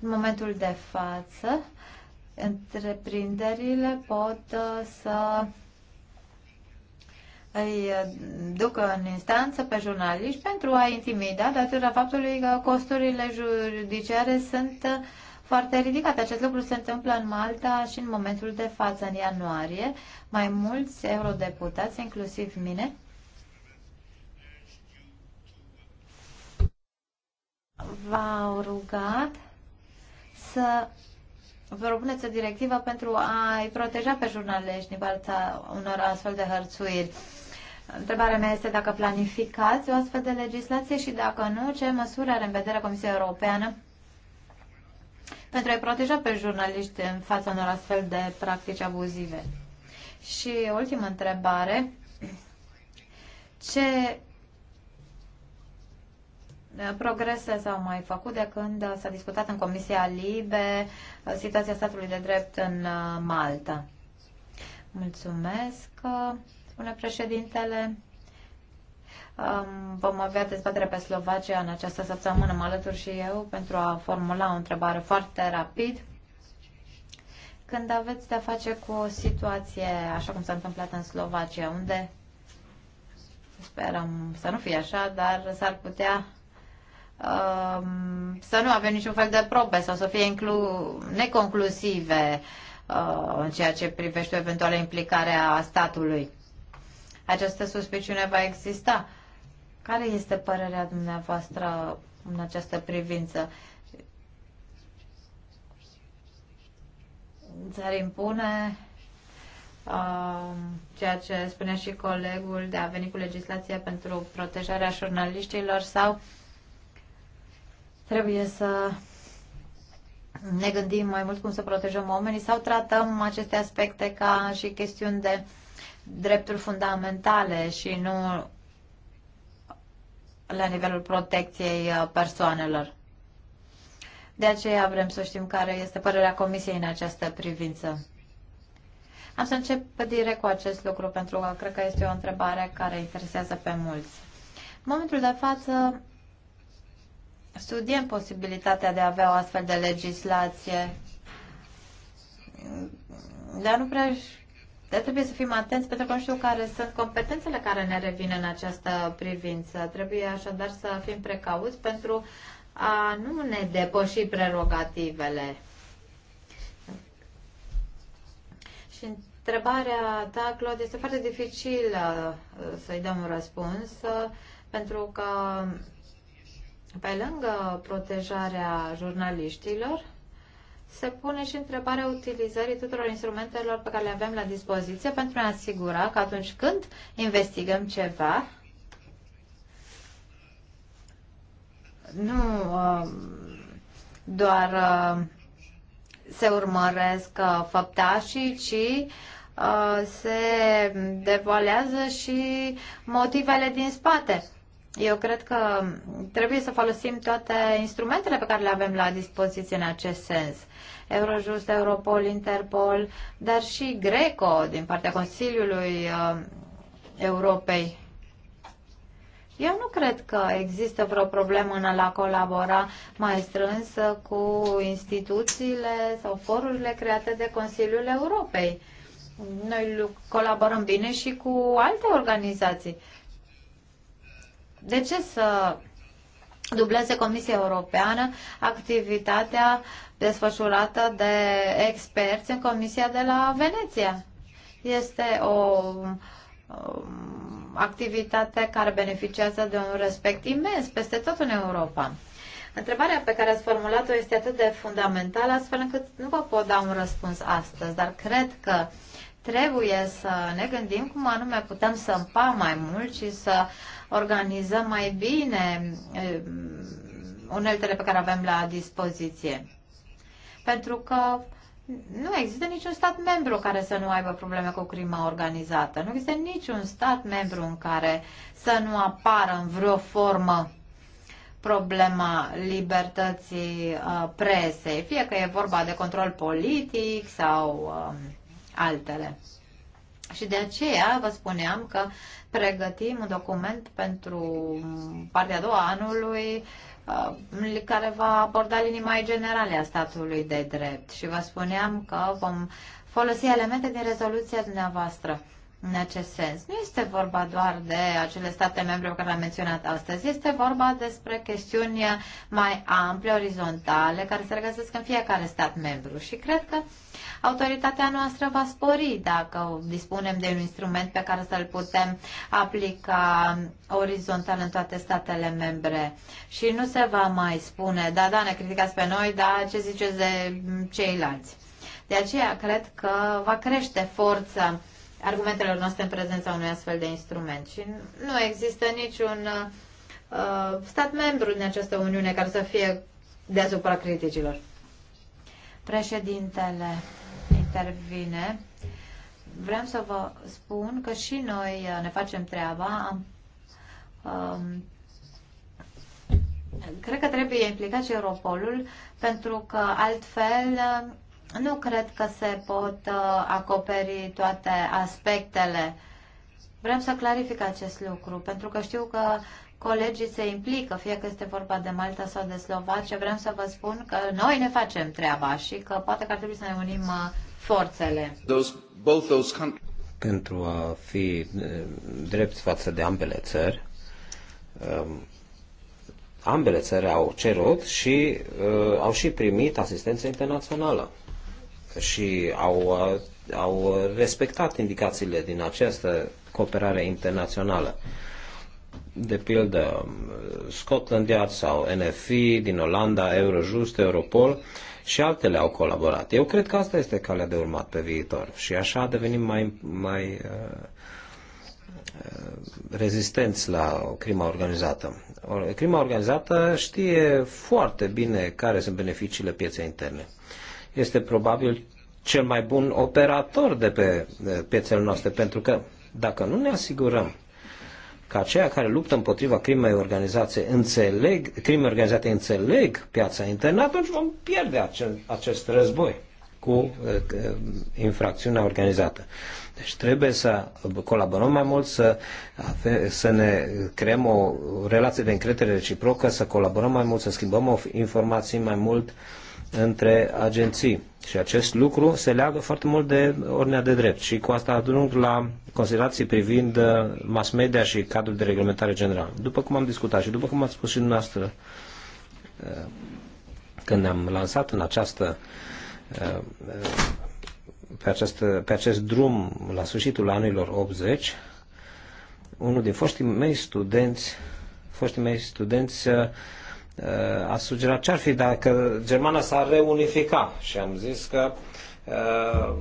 În momentul de față, întreprinderile pot uh, să îi uh, ducă în instanță pe jurnaliști pentru a intimida datorită faptului că costurile judiciare sunt uh, foarte ridicate. Acest lucru se întâmplă în Malta și în momentul de față, în ianuarie. Mai mulți eurodeputați, inclusiv mine, v-au rugat să propuneți o directivă pentru a-i proteja pe jurnaliști din partea unor astfel de hărțuiri. Întrebarea mea este dacă planificați o astfel de legislație și dacă nu, ce măsuri are în vedere Comisia Europeană pentru a-i proteja pe jurnaliști în fața unor astfel de practici abuzive? Și ultima întrebare, ce progrese s-au mai făcut de când s-a discutat în Comisia Libe situația statului de drept în uh, Malta? Mulțumesc! Domnule președintele, vom avea dezbatere pe Slovacia în această săptămână, mă alătur și eu, pentru a formula o întrebare foarte rapid. Când aveți de-a face cu o situație așa cum s-a întâmplat în Slovacia, unde sperăm să nu fie așa, dar s-ar putea um, să nu avem niciun fel de probe sau să fie inclu- neconclusive uh, în ceea ce privește o eventuală implicare a statului această suspiciune va exista. Care este părerea dumneavoastră în această privință? Ți-ar impune uh, ceea ce spunea și colegul de a veni cu legislația pentru protejarea jurnaliștilor sau trebuie să ne gândim mai mult cum să protejăm oamenii sau tratăm aceste aspecte ca și chestiuni de uh, drepturi fundamentale și nu la nivelul protecției uh, persoanelor. De aceea vrem să știm care este părerea Comisiei în această privință. Am să încep direct cu acest lucru, pentru că cred că este o întrebare care interesează pe mulți. În momentul de față, studiem posibilitatea de a avea o astfel de legislație, dar nu prea dar trebuie să fim atenți pentru că nu știu care sunt competențele care ne revin în această privință. Trebuie așadar să fim precauți pentru a nu ne depăși prerogativele. Și întrebarea ta, Claude, este foarte dificil uh, să-i dăm un răspuns uh, pentru că pe lângă protejarea jurnaliștilor, se pune și întrebarea utilizării tuturor instrumentelor pe care le avem la dispoziție pentru a asigura că atunci când investigăm ceva, nu um, doar um, se urmăresc uh, făptașii, ci uh, se devoalează și motivele din spate. Eu cred că trebuie să folosim toate instrumentele pe care le avem la dispoziție în acest sens. Eurojust, Europol, Interpol, dar și Greco din partea Consiliului uh, Europei. Eu nu cred că există vreo problemă în a la colabora mai strâns uh, cu instituțiile sau forurile create de Consiliul Europei. Noi colaborăm bine și cu alte organizații. De ce să dubleze Comisia Europeană activitatea desfășurată de experți în Comisia de la Veneția. Este o, o um, activitate care beneficiază de un respect imens peste tot în Europa. Întrebarea pe care ați formulat-o este atât de fundamentală, astfel încât nu vă pot da un răspuns astăzi, dar cred că trebuie să ne gândim cum anume putem să împa mai mult și să organizăm mai bine um, uneltele pe care avem la dispoziție pentru că nu există niciun stat membru care să nu aibă probleme cu crima organizată. Nu există niciun stat membru în care să nu apară în vreo formă problema libertății uh, presei, fie că e vorba de control politic sau uh, altele. Și de aceea vă spuneam că pregătim un document pentru partea a doua anului Uh, care va aborda linii mai generale a statului de drept și vă spuneam că vom folosi elemente din rezoluția dumneavoastră în acest sens. Nu este vorba doar de acele state membre pe care le-am menționat astăzi, este vorba despre chestiuni mai ample, orizontale, care se regăsesc în fiecare stat membru și cred că autoritatea noastră va spori dacă dispunem de un instrument pe care să-l putem aplica orizontal în toate statele membre și nu se va mai spune, da, da, ne criticați pe noi, da, ce ziceți de ceilalți. De aceea cred că va crește forța argumentelor noastre în prezența unui astfel de instrument. Și nu există niciun uh, stat membru din această Uniune care să fie deasupra criticilor. Președintele intervine. Vreau să vă spun că și noi uh, ne facem treaba. Um, cred că trebuie implicat și Europolul, pentru că altfel uh, nu cred că se pot uh, acoperi toate aspectele. Vrem să clarific acest lucru, pentru că știu că colegii se implică, fie că este vorba de Malta sau de Slovacia. Vrem să vă spun că noi ne facem treaba și că poate că ar trebui să ne unim uh, forțele. Those, both those countries pentru a fi eh, drept față de ambele țări. Um, ambele țări au cerut și eh, au și primit asistență internațională și au, uh, au respectat indicațiile din această cooperare internațională. De pildă, Scotland Yard sau NFI din Olanda, Eurojust, Europol și altele au colaborat. Eu cred că asta este calea de urmat pe viitor și așa devenim mai, mai uh, uh rezistenți la o crima organizată. Crima organizată știe foarte bine care sunt beneficiile pieței interne este probabil cel mai bun operator de pe piețele noastre, pentru că dacă nu ne asigurăm că aceia care luptă împotriva crimei organizate înțeleg, crime organizate înțeleg piața internă, atunci vom pierde acel, acest război cu uh, uh infracțiunea organizată. Deci trebuie să colaborăm mai mult, să, să ne creăm o relație de încredere reciprocă, să colaborăm mai mult, să schimbăm informații mai mult, între agenții. Și acest lucru se leagă foarte mult de ordinea de drept și cu asta ajung la considerații privind uh, mass media și cadrul de reglementare general. După cum am discutat și după cum ați spus și dumneavoastră uh, când ne-am lansat în această uh, pe acest, pe acest drum la sfârșitul anilor 80, unul din foștii mei studenți, foștii mei studenți a sugerat ce ar fi dacă Germania s-ar reunifica și am zis că uh,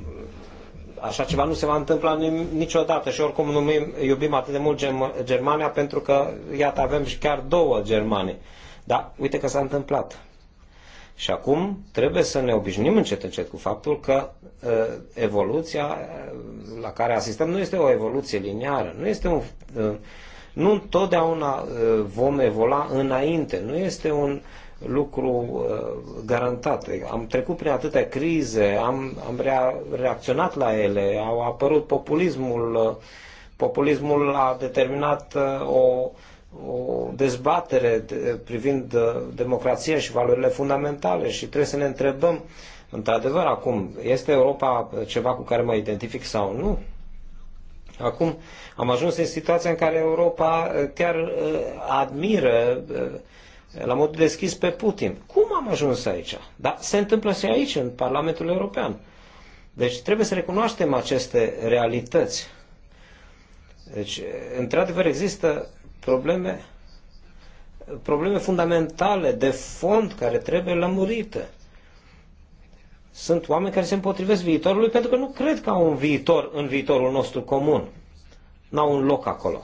așa ceva nu se va întâmpla niciodată și oricum numim, iubim atât de mult Germania pentru că, iată, avem și chiar două Germanii. Da, uite că s-a întâmplat. Și acum trebuie să ne obișnim încet încet cu faptul că uh, evoluția uh, la care asistăm nu este o evoluție liniară, nu este un, uh, nu întotdeauna uh, vom evolua înainte. Nu este un lucru uh, garantat. Am trecut prin atâtea crize, am, am rea, reacționat la ele, au apărut populismul, uh, populismul a determinat o, o dezbatere privind democrația și valorile fundamentale și trebuie să ne întrebăm, într-adevăr, acum, este Europa ceva cu care mă identific sau nu? Acum am ajuns în situația în care Europa eh, chiar eh, admiră eh, la modul deschis pe Putin. Cum am ajuns aici? Dar se întâmplă și aici, în Parlamentul European. Deci trebuie să recunoaștem aceste realități. Deci, într-adevăr, există probleme, probleme fundamentale de fond care trebuie lămurite sunt oameni care se împotrivesc viitorului pentru că nu cred că au un viitor în viitorul nostru comun. N-au un loc acolo.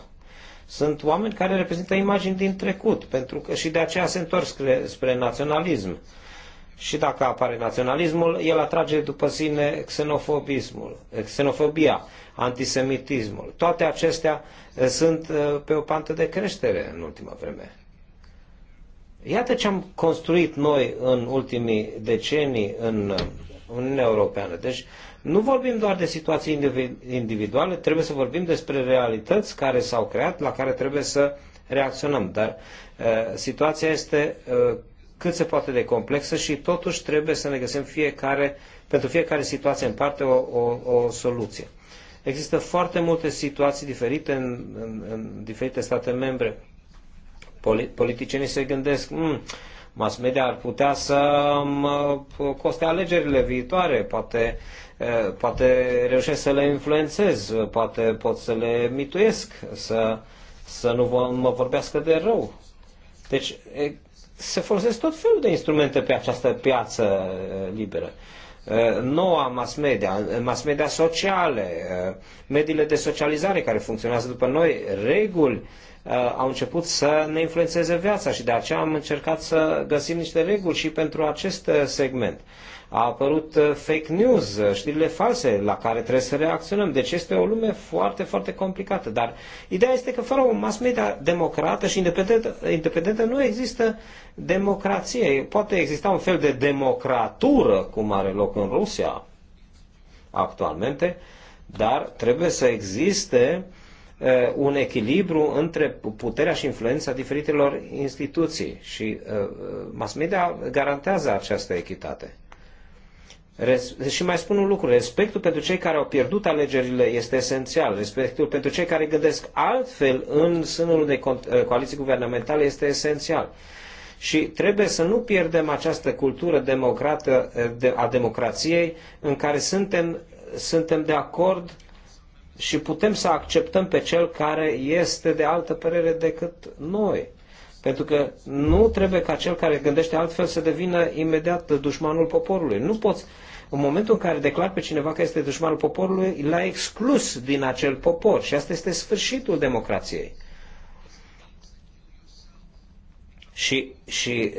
Sunt oameni care reprezintă imagini din trecut pentru că și de aceea se întorc spre, spre naționalism. Și dacă apare naționalismul, el atrage după sine xenofobismul, xenofobia, antisemitismul. Toate acestea eh, sunt eh, pe o pantă de creștere în ultima vreme. Iată ce am construit noi în ultimii decenii în uh, Uniunea Europeană. Deci nu vorbim doar de situații individuale, trebuie să vorbim despre realități care s-au creat, la care trebuie să reacționăm. Dar uh, situația este uh, cât se poate de complexă și totuși trebuie să ne găsim fiecare, pentru fiecare situație în parte o, o, o soluție. Există foarte multe situații diferite în, în, în diferite state membre politicienii se gândesc, mm, mass media ar putea să coste alegerile viitoare, poate, poate reușesc să le influențez, poate pot să le mituiesc, să, să nu mă vorbească de rău. Deci se folosesc tot felul de instrumente pe această piață liberă. Noua mass media, mass media sociale, mediile de socializare care funcționează după noi, reguli Uh, au început să ne influențeze viața și de aceea am încercat să găsim niște reguli și pentru acest uh, segment. A apărut uh, fake news, știrile false la care trebuie să reacționăm. Deci este o lume foarte, foarte complicată. Dar ideea este că fără o mass media democrată și independentă, independentă nu există democrație. Poate exista un fel de democratură, cum are loc în Rusia actualmente, dar trebuie să existe uh, Uh, un echilibru între puterea și influența diferitelor instituții și uh, uh, mass media garantează această echitate. Și mai spun un lucru, respectul pentru cei care au pierdut alegerile este esențial, respectul pentru cei care gândesc altfel în sânul co- coaliții guvernamentale este esențial. Și trebuie să nu pierdem această cultură democrată, a democrației în care suntem, suntem de acord și putem să acceptăm pe cel care este de altă părere decât noi. Pentru că nu trebuie ca cel care gândește altfel să devină imediat dușmanul poporului. Nu poți, în momentul în care declar pe cineva că este dușmanul poporului, l-a exclus din acel popor și asta este sfârșitul democrației. Și, și,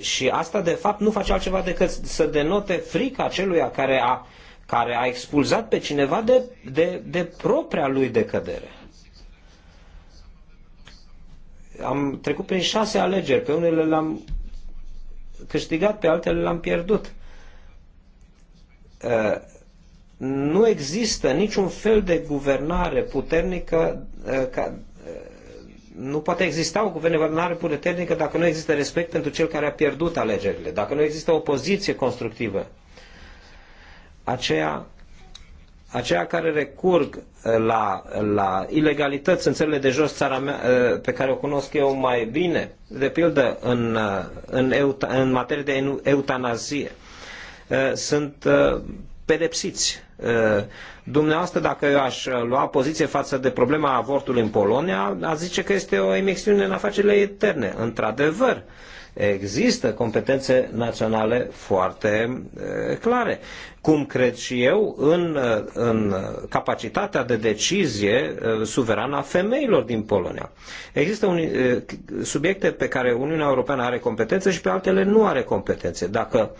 și asta, de fapt, nu face altceva decât să denote frica celuia care a, care a expulzat pe cineva de, de, de propria lui decădere. Am trecut prin șase alegeri, pe unele le-am câștigat, pe altele le-am pierdut. Uh, nu există niciun fel de guvernare puternică uh, ca, uh, nu poate exista o guvernare puternică dacă nu există respect pentru cel care a pierdut alegerile, dacă nu există o opoziție constructivă aceia, aceia care recurg eh, la, la ilegalități în țările de jos, țara mea, eh, pe care o cunosc eu mai bine, de pildă în, eh, în, euta, în materie de eutanazie, sunt pedepsiți. Dumneavoastră, dacă eu aș lua poziție față de problema avortului în Polonia, a zice că este o emisiune în afacerile eterne. Într-adevăr, uh, Există competențe naționale foarte eh, clare. Cum cred și eu în, eh, în capacitatea de decizie eh, suverană a femeilor din Polonia. Există un, subiecte pe care Uniunea Europeană are competențe și pe altele nu are competențe. Dacă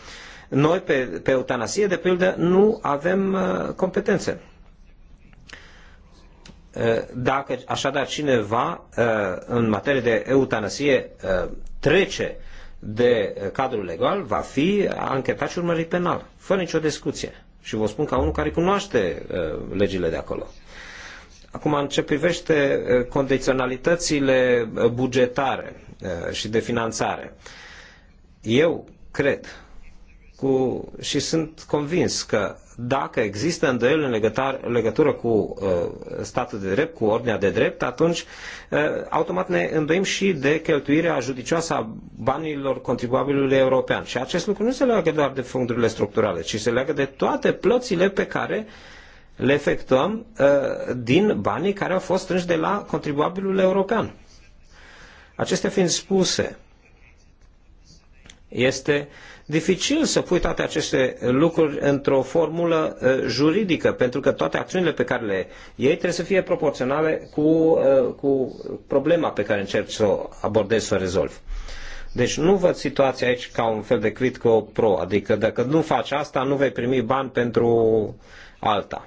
noi pe, pe eutanasie, de pildă, nu avem competențe dacă așadar cineva în materie de eutanasie trece de eh, cadrul legal va fi anchetat și urmărit penal, fără nicio discuție. Și vă spun ca unul care cunoaște eh, legile de acolo. Acum, în ce privește eh, condiționalitățile bugetare și de finanțare, eu cred cu, și sunt convins că dacă există îndoieli în legătură cu uh, statul de drept, cu ordinea de drept, atunci uh, automat ne îndoim și de cheltuirea judicioasă a banilor contribuabilului european. Și acest lucru nu se leagă doar de fondurile structurale, ci se leagă de toate plățile pe care le efectuăm uh, din banii care au fost strânși de la contribuabilul european. Acestea fiind spuse, este uh, dificil să pui toate aceste lucruri într-o formulă uh, juridică, pentru că toate acțiunile pe care le iei trebuie să fie proporționale cu, uh, cu problema pe care încerci să o abordezi, să o rezolvi. Deci nu văd situația aici ca un fel de critico pro, adică dacă nu faci asta, nu vei primi bani pentru alta.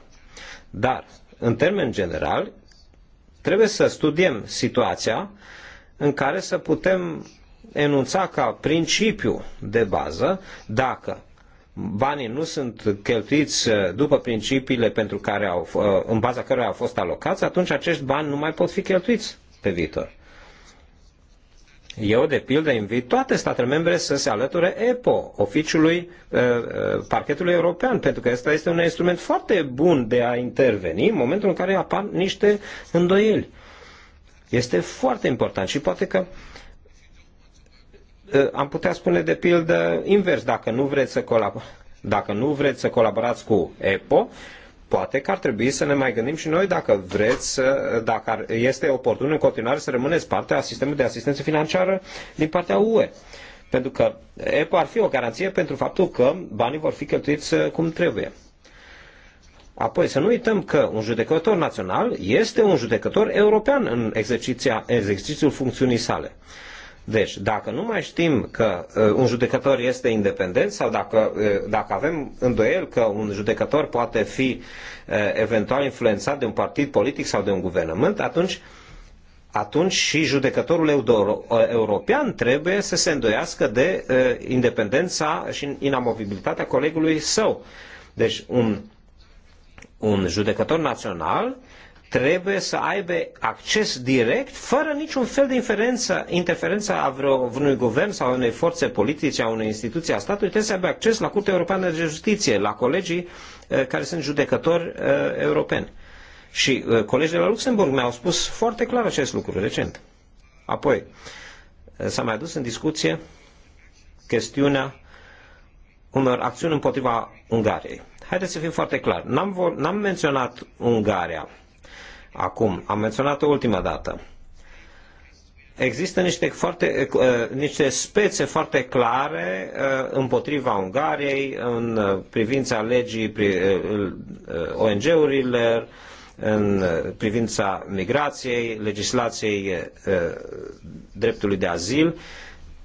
Dar, în termen general, trebuie să studiem situația în care să putem enunța ca principiu de bază dacă banii nu sunt cheltuiți uh, după principiile pentru care au, uh, în baza cărora au fost alocați, atunci acești bani nu mai pot fi cheltuiți pe viitor. Eu, de pildă, invit toate statele membre să se alăture EPO, oficiului uh, uh, parchetului european, pentru că ăsta este un instrument foarte bun de a interveni în momentul în care apar niște îndoieli. Este foarte important și poate că uh, am putea spune de pildă invers, dacă nu vreți să colaborați, dacă nu vreți să colaborați cu EPO, poate că ar trebui să ne mai gândim și noi dacă vreți, dacă este oportun în continuare să rămâneți parte a sistemului de asistență financiară din partea UE. Pentru că EPO ar fi o garanție pentru faptul că banii vor fi cheltuiți uh, cum trebuie. Apoi să nu uităm că un judecător național este un judecător european în exercițiul funcțiunii sale. Deci, dacă nu mai știm că uh, un judecător este independent sau dacă, uh, dacă avem îndoiel că un judecător poate fi uh, eventual influențat de un partid politic sau de un guvernământ, atunci atunci și judecătorul uh, european trebuie să se îndoiască de uh, independența și inamovibilitatea colegului său. Deci un, un judecător național uh, trebuie să aibă acces direct, fără niciun fel de inferență, interferență a vreo, vreunui guvern sau a unei forțe politice, a unei instituții a statului, trebuie să aibă acces la Curtea Europeană de Justiție, la colegii uh, care sunt judecători uh, europeni. Și uh, colegii de la Luxemburg mi-au spus foarte clar acest lucru recent. Apoi, s-a mai adus în discuție chestiunea unor acțiuni împotriva Ungariei. Haideți să fim foarte clari. N-am, menționat Ungaria Acum, am menționat-o ultima dată. Există niște, foarte, eh, eh, niște spețe foarte clare eh, împotriva Ungariei în privința legii ONG-urilor, în privința migrației, legislației dreptului de azil.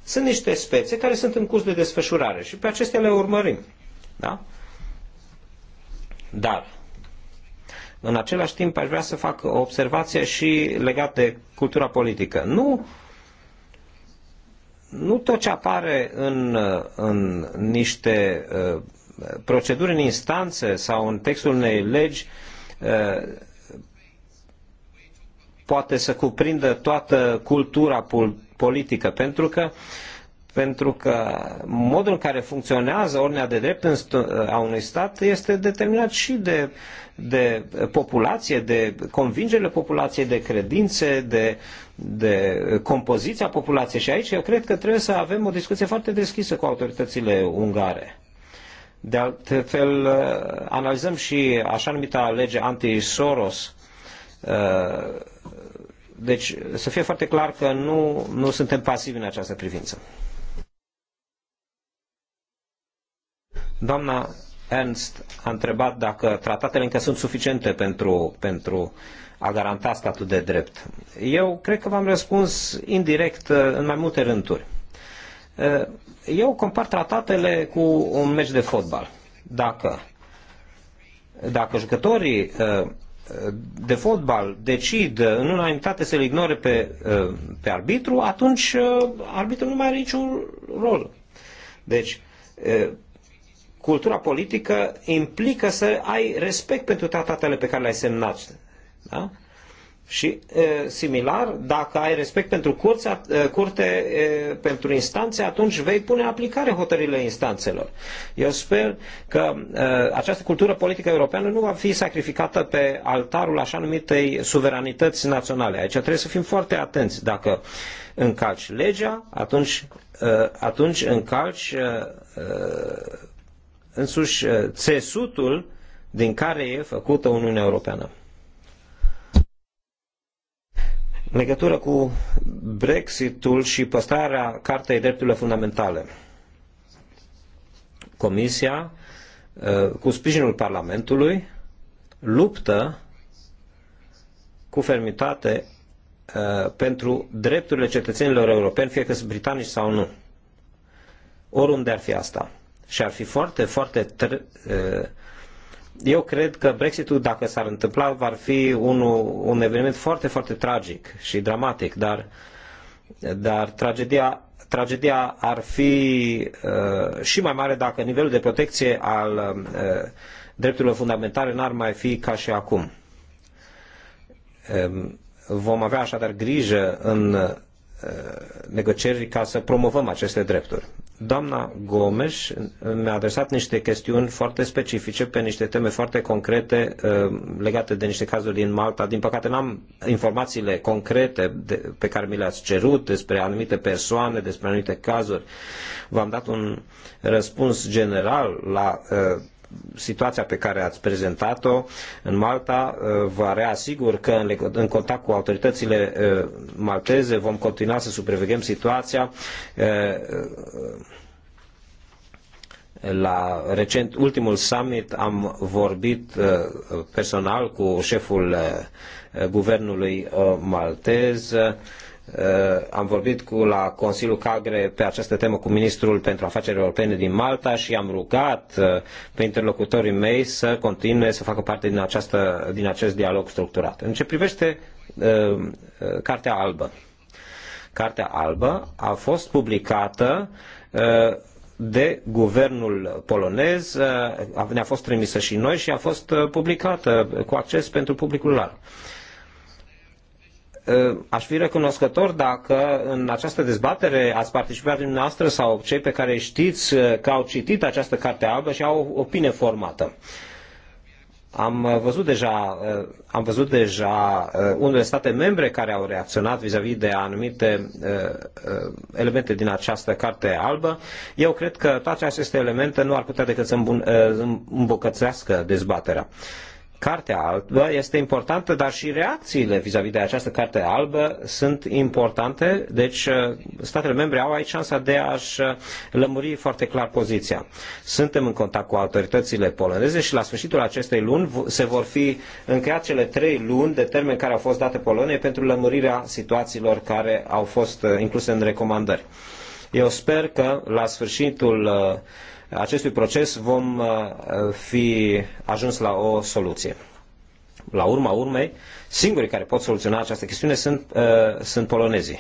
Sunt niște spețe care sunt în curs de desfășurare și pe acestea le urmărim. Da? Dar în același timp, aș vrea să fac o observație și legată de cultura politică. Nu, nu tot ce apare în, în niște uh, proceduri în instanțe sau în textul unei legi uh, poate să cuprindă toată cultura politică, pentru că uh, pentru că modul în care funcționează ordinea de drept a unui stat este determinat și de, de populație, de convingerile populației, de credințe, de, de compoziția populației. Și aici eu cred că trebuie să avem o discuție foarte deschisă cu autoritățile ungare. De altfel, uh, analizăm și așa numita lege anti-Soros, uh, deci să fie foarte clar că nu, nu suntem pasivi în această privință. Doamna Ernst a întrebat dacă tratatele încă sunt suficiente pentru, pentru a garanta statul de drept. Eu cred că v-am răspuns indirect uh, în mai multe rânduri. Uh, eu compar tratatele cu un meci de fotbal. Dacă, dacă jucătorii uh, de fotbal decid în unanimitate să-l ignore pe, pe arbitru, atunci arbitrul nu mai are niciun rol. Deci, cultura politică implică să ai respect pentru tratatele pe care le-ai semnat. Da? Și similar, dacă ai respect pentru curțea, curte, pentru instanțe, atunci vei pune în aplicare hotărârile instanțelor. Eu sper că această cultură politică europeană nu va fi sacrificată pe altarul așa numitei suveranități naționale. Aici trebuie să fim foarte atenți. Dacă încalci legea, atunci, atunci încalci însuși uh, țesutul din care e făcută Uniunea Europeană. În legătură cu Brexitul și păstrarea Cartei Drepturilor Fundamentale, Comisia, uh, cu sprijinul Parlamentului, luptă cu fermitate uh, pentru drepturile cetățenilor europeni, fie că sunt britanici sau nu. Oriunde ar fi asta și ar fi foarte, foarte uh, eu cred că Brexitul, dacă s-ar întâmpla, va fi un un eveniment foarte, foarte tragic și dramatic, dar, dar tragedia, tragedia ar fi uh, și mai mare dacă nivelul de protecție al uh, drepturilor fundamentale n-ar mai fi ca și acum. Um, vom avea așadar grijă în Uh, negocieri ca să promovăm aceste drepturi. Doamna Gomes mi-a adresat niște chestiuni foarte specifice pe niște teme foarte concrete uh, legate de niște cazuri din Malta. Din păcate n-am informațiile concrete de, pe care mi le-ați cerut despre anumite persoane, despre anumite cazuri. V-am dat un răspuns general la uh, situația pe care ați prezentat-o în Malta, uh, vă reasigur că în contact cu autoritățile uh, malteze vom continua să supraveghem situația uh, la recent ultimul summit am vorbit personal cu șeful guvernului maltez Uh, am vorbit cu la Consiliul Cagre pe această temă cu ministrul pentru afaceri europene din Malta și am rugat uh, pe interlocutorii mei să continue să facă parte din, această, din acest dialog structurat. În ce privește uh, uh Cartea Albă. Cartea Albă a fost publicată uh, de guvernul polonez, uh, ne-a fost trimisă și noi și a fost publicată cu acces pentru publicul larg. Ă, aș fi recunoscător dacă în această dezbatere ați participat dumneavoastră sau cei pe care știți ă, că au citit această carte albă și au o opinie formată. Am ă, văzut deja, am văzut deja unele state membre care au reacționat vis-a-vis de anumite elemente din această carte albă. Eu cred că toate aceste elemente nu ar putea decât să îmbun- dezbaterea. Cartea albă este importantă, dar și reacțiile vis-a-vis -vis de această carte albă sunt importante, deci uh, statele membre au aici șansa de a-și uh, lămuri foarte clar poziția. Suntem în contact cu autoritățile poloneze și la sfârșitul acestei luni se vor fi încheiate cele trei luni de termen care au fost date Poloniei pentru lămurirea situațiilor care au fost uh, incluse în recomandări. Eu sper că la sfârșitul uh, acestui proces vom uh, fi ajuns la o soluție. La urma urmei, singurii care pot soluționa această chestiune sunt, uh, sunt polonezii.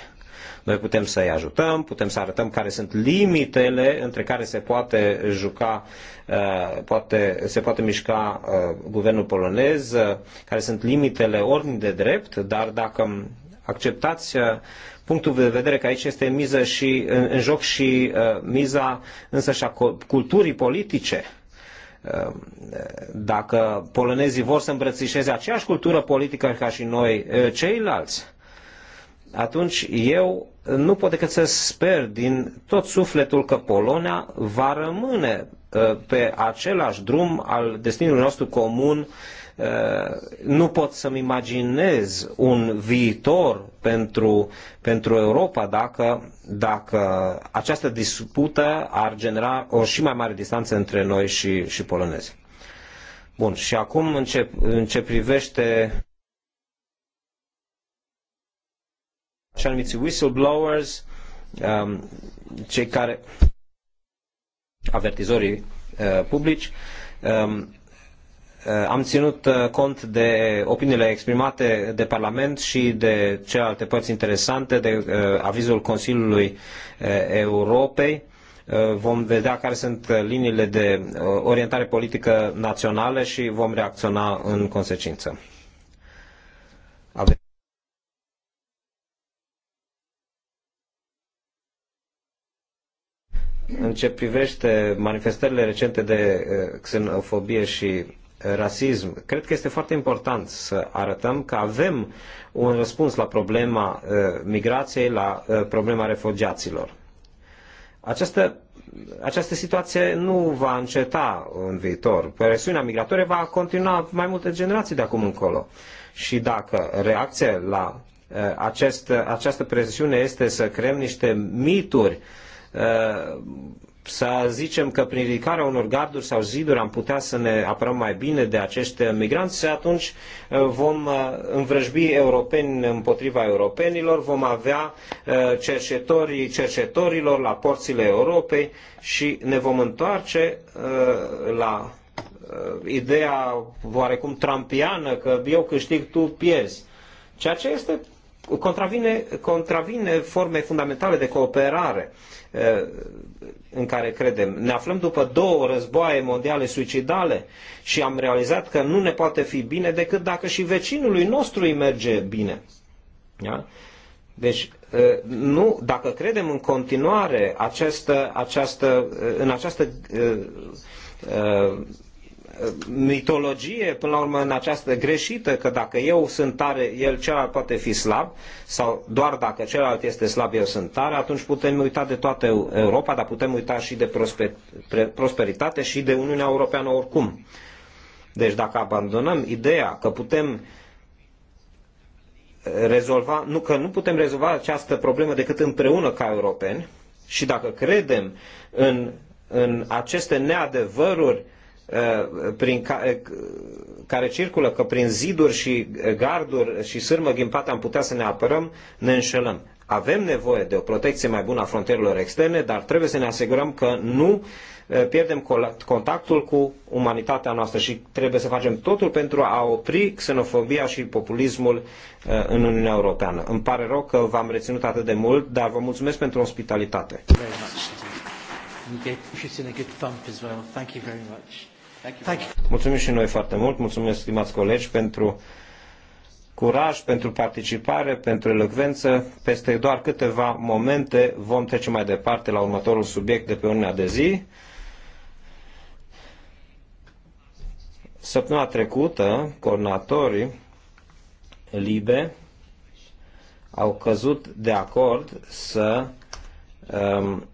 Noi putem să-i ajutăm, putem să arătăm care sunt limitele între care se poate juca, uh, poate, se poate mișca guvernul polonez, care sunt limitele ordini de drept, dar dacă acceptați uh, punctul de vedere că aici este miză și în, joc și uh, miza însă și a culturii politice uh, dacă polonezii vor să îmbrățișeze aceeași cultură politică ca și noi ceilalți, atunci eu nu pot decât să sper din tot sufletul că Polonia va rămâne pe același drum al destinului nostru comun Uh, nu pot să-mi imaginez un viitor pentru, pentru Europa dacă, dacă această dispută ar genera o și mai mare distanță între noi și, și polonezi. Bun, și acum în ce, în ce privește așa numiți whistleblowers, um, cei care, avertizorii uh, publici, um, Uh, am ținut uh, cont de opiniile exprimate de Parlament și de celelalte părți interesante, de uh, avizul Consiliului Europei. Vom vedea care sunt liniile de orientare politică naționale și vom reacționa în consecință. În în ce privește manifestările recente de xenofobie și rasism. Cred că este foarte important să arătăm că avem un răspuns la problema uh, migrației, la uh, problema refugiaților. Această, această situație nu va înceta în viitor. Presiunea migratorie va continua mai multe generații de acum încolo. Și dacă reacția la uh, acest, această presiune este să creăm niște mituri să zicem că prin ridicarea unor garduri sau ziduri am putea să ne apărăm mai bine de acești migranți, atunci uh, vom uh, învrăjbi europeni împotriva europenilor, vom avea uh, cercetorii cercetorilor la porțile Europei și ne vom întoarce la ideea oarecum trampiană că eu câștig, tu pierzi. Ceea ce este contravine, contravine forme fundamentale de cooperare eh, în care credem. Ne aflăm după două războaie mondiale suicidale și am realizat că nu ne poate fi bine decât dacă și vecinului nostru îi merge bine. Da? Deci, eh, nu, dacă credem în continuare această, această, eh, în această mitologie, până la urmă, în această greșită, că dacă eu sunt tare, el celălalt poate fi slab, sau doar dacă celălalt este slab, eu sunt tare, atunci putem uita de toată Europa, dar putem uita și de prosperitate și de Uniunea Europeană oricum. Deci dacă abandonăm ideea că putem rezolva, nu, că nu putem rezolva această problemă decât împreună ca europeni și dacă credem în, în aceste neadevăruri Uh, prin care, uh, care circulă, că prin ziduri și uh, garduri și sârmă ghimpată am putea să ne apărăm, ne înșelăm. Avem nevoie de o protecție mai bună a frontierelor externe, dar trebuie să ne asigurăm că nu pierdem contactul cu umanitatea noastră și trebuie să facem totul pentru a opri xenofobia și populismul în Uniunea Europeană. Îmi pare rău că v-am reținut atât de mult, dar vă mulțumesc pentru ospitalitate. Mulțumim și noi foarte mult, mulțumesc, stimați colegi, pentru curaj, pentru participare, pentru elocvență. Peste doar câteva momente vom trece mai departe la următorul subiect de pe ordinea de zi. Săptămâna trecută, coordonatorii LIBE au căzut de acord să um,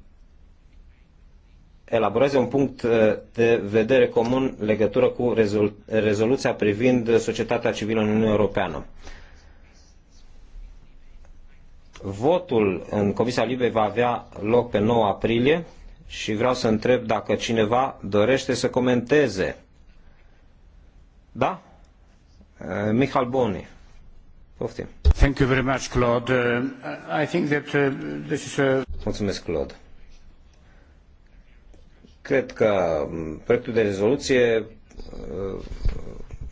elaboreze un punct uh, de vedere comun legătură cu rezol- rezoluția privind societatea civilă în Uniunea Europeană. Votul în Comisia Libei va avea loc pe 9 aprilie și vreau să întreb dacă cineva dorește să comenteze. Da? Uh, Michal Boni. Poftim. Thank you very much, Claude. Uh, I think that this is a... Mulțumesc, Claude Cred că proiectul de rezoluție uh,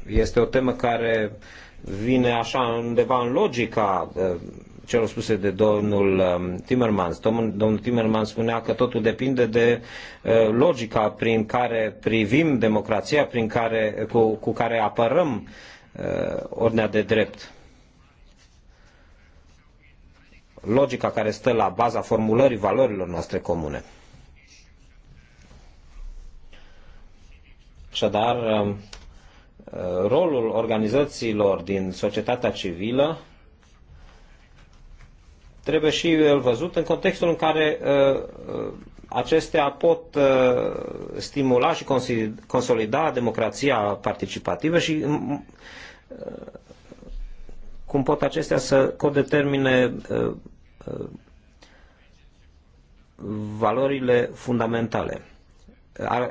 este o temă care vine așa undeva în logica uh, celor spuse de domnul um, Timmermans. Domnul, Timmermans spunea că totul depinde de uh, logica prin care privim democrația, prin care, cu, cu care apărăm ordinea de drept. Logica care stă la baza formulării valorilor noastre comune. Așadar, um, uh, rolul organizațiilor din societatea civilă trebuie și el văzut în contextul în care uh, uh, acestea pot stimula și consolida democrația participativă și cum pot acestea să codetermine valorile fundamentale.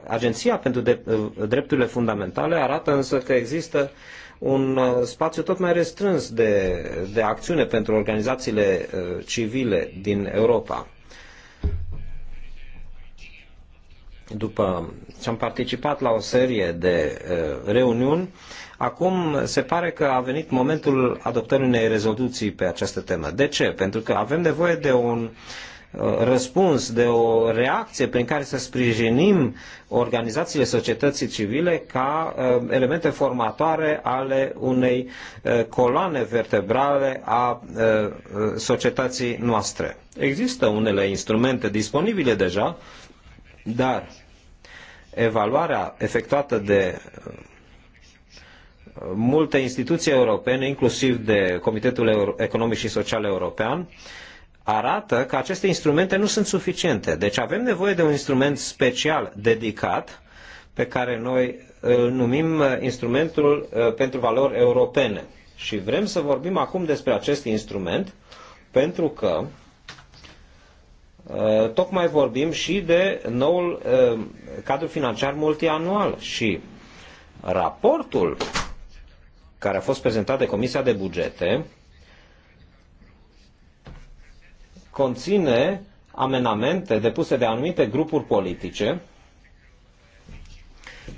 Agenția pentru uh, Drepturile Fundamentale arată însă că există un uh, spațiu tot mai restrâns de, de acțiune pentru organizațiile uh, civile din Europa. După ce am participat la o serie de reuniuni, acum se pare că a venit momentul adoptării unei rezoluții pe această temă. De ce? Pentru că avem nevoie de un uh, Uh, răspuns, de o reacție prin care să sprijinim organizațiile societății civile ca uh, elemente formatoare ale unei uh, coloane vertebrale a societății noastre. Există unele instrumente disponibile deja, dar evaluarea efectuată de multe instituții europene, inclusiv de Comitetul Economic și Social European, arată că aceste instrumente nu sunt suficiente. Deci avem nevoie de un instrument special dedicat pe care noi îl numim uh, instrumentul uh, pentru valori europene. Și vrem să vorbim acum despre acest instrument pentru că uh, tocmai vorbim și de noul cadru financiar multianual și raportul care a fost prezentat de Comisia de Bugete conține amenamente depuse de anumite grupuri politice,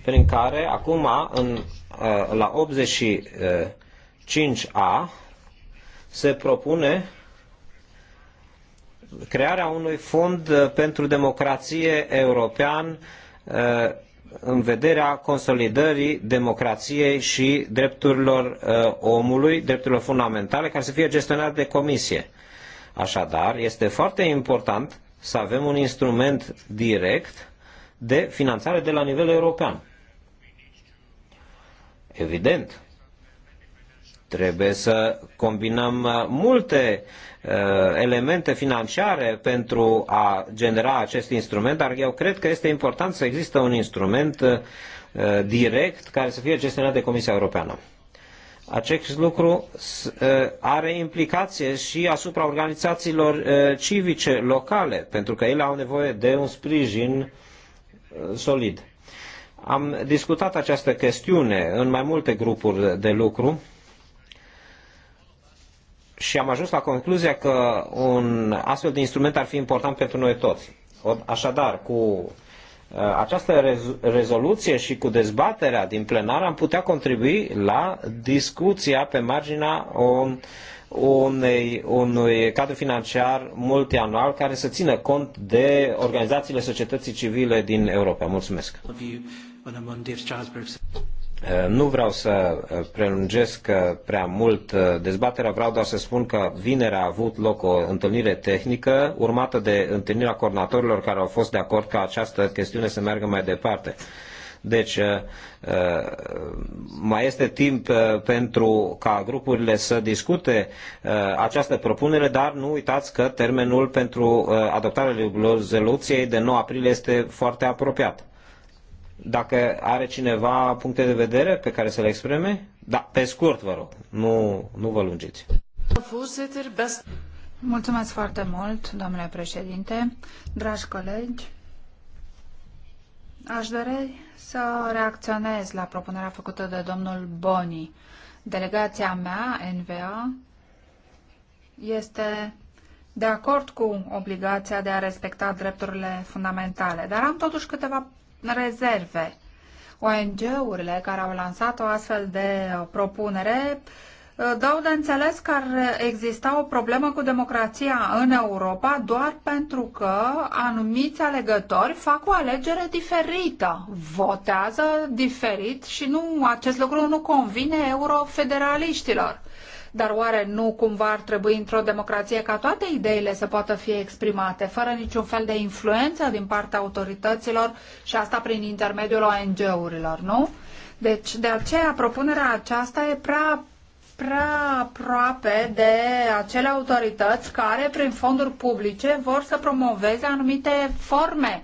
prin care acum în, uh, la 85A se propune crearea unui fond uh, pentru democrație european uh, în vederea consolidării democrației și drepturilor omului, drepturilor fundamentale, care să fie gestionat de comisie. Așadar, este foarte important să avem un instrument direct de finanțare de la nivel european. Evident, trebuie să combinăm uh, multe uh, elemente financiare pentru a genera acest instrument, dar eu cred că este important să existe un instrument uh, direct care să fie gestionat de Comisia Europeană. Acest lucru ă, are implicație și asupra organizațiilor ă, civice locale, pentru că ele au nevoie de un sprijin ă, solid. Am discutat această chestiune în mai multe grupuri de lucru și am ajuns la concluzia că un astfel de instrument ar fi important pentru noi toți. Așadar, cu Uh, această rezoluție și cu dezbaterea din plenar am putea contribui la discuția pe marginea unei, unui cadru financiar multianual care să țină cont de organizațiile societății civile din Europa. Mulțumesc! Nu vreau să uh, prelungesc uh, prea mult uh, dezbaterea, vreau doar să spun că vineri a avut loc o întâlnire tehnică, urmată de întâlnirea coordonatorilor care au fost de acord ca această chestiune să meargă mai departe. Deci mai este timp pentru ca grupurile să discute această propunere, dar nu uitați că termenul pentru adoptarea rezoluției de 9 aprilie este foarte apropiat. Dacă are cineva puncte de vedere pe care să le exprime, da, pe scurt, vă rog, nu, nu vă lungiți. Mulțumesc foarte mult, domnule președinte, dragi colegi. Aș dori să reacționez la propunerea făcută de domnul Boni. Delegația mea, NVA, este de acord cu obligația de a respecta drepturile fundamentale, dar am totuși câteva rezerve. ONG-urile care au lansat o astfel de propunere uh, dau de înțeles că ar exista o problemă cu democrația în Europa doar pentru că anumiți alegători fac o alegere diferită, votează diferit și nu acest lucru nu convine eurofederaliștilor. Dar oare nu cumva ar trebui într-o democrație ca toate ideile să poată fi exprimate, fără niciun fel de influență din partea autorităților și asta prin intermediul ONG-urilor, nu? Deci, de aceea, propunerea aceasta e prea prea aproape de acele autorități care, prin fonduri publice, vor să promoveze anumite forme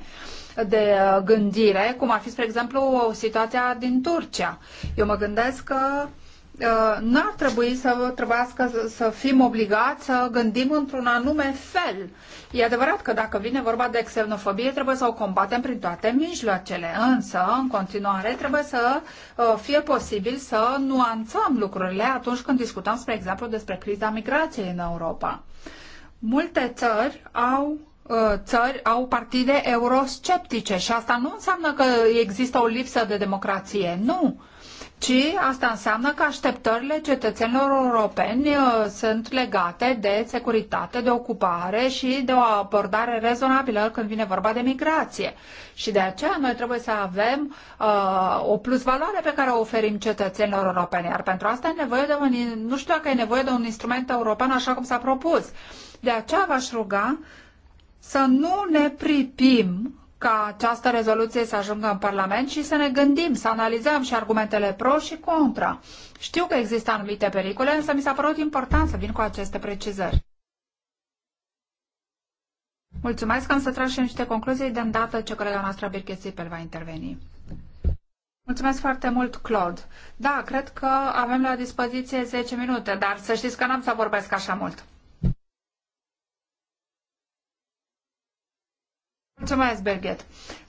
de uh, gândire, cum ar fi, spre exemplu, situația din Turcia. Eu mă gândesc că Uh, nu ar trebui să trebuiască să, fim obligați să gândim într-un anume fel. E adevărat că dacă vine vorba de xenofobie, trebuie să o combatem prin toate mijloacele, însă, în continuare, trebuie să uh, fie posibil să nuanțăm lucrurile atunci când discutăm, spre exemplu, despre criza migrației în Europa. Multe țări au uh, țări au partide eurosceptice și asta nu înseamnă că există o lipsă de democrație. Nu ci asta înseamnă că așteptările cetățenilor europeni uh, sunt legate de securitate, de ocupare și de o abordare rezonabilă când vine vorba de migrație. Și de aceea noi trebuie să avem uh, o plusvaloare pe care o oferim cetățenilor europeni. Iar pentru asta e nevoie de un, nu știu dacă e nevoie de un instrument european așa cum s-a propus. De aceea v-aș ruga să nu ne pripim ca această rezoluție să ajungă în Parlament și să ne gândim, să analizăm și argumentele pro și contra. Știu că există anumite pericole, însă mi s-a părut important să vin cu aceste precizări. Mulțumesc, am să trag și niște concluzii de îndată ce colega noastră Birke Sipel va interveni. Mulțumesc foarte mult, Claude. Da, cred că avem la dispoziție 10 minute, dar să știți că n-am să vorbesc așa mult. Mulțumesc, Birgit.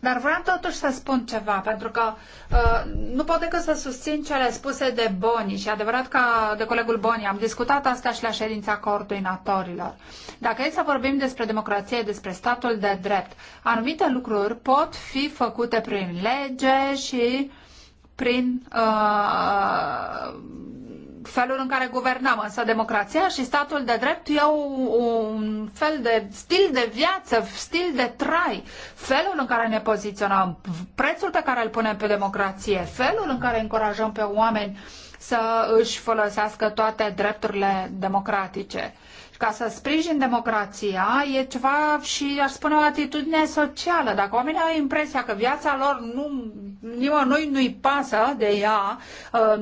Dar vreau totuși să spun ceva, pentru că uh, nu pot decât să susțin cele spuse de Boni și adevărat că de colegul Boni am discutat asta și la ședința coordonatorilor. Dacă e să vorbim despre democrație, despre statul de drept, anumite lucruri pot fi făcute prin lege și prin uh, felul în care guvernăm, însă democrația și statul de drept iau un fel de stil de viață, stil de trai, felul în care ne poziționăm, prețul pe care îl punem pe democrație, felul în care încurajăm pe oameni să își folosească toate drepturile democratice ca să sprijin democrația e ceva și, aș spune, o atitudine socială. Dacă oamenii au impresia că viața lor nu, nimănui nu-i pasă de ea, uh,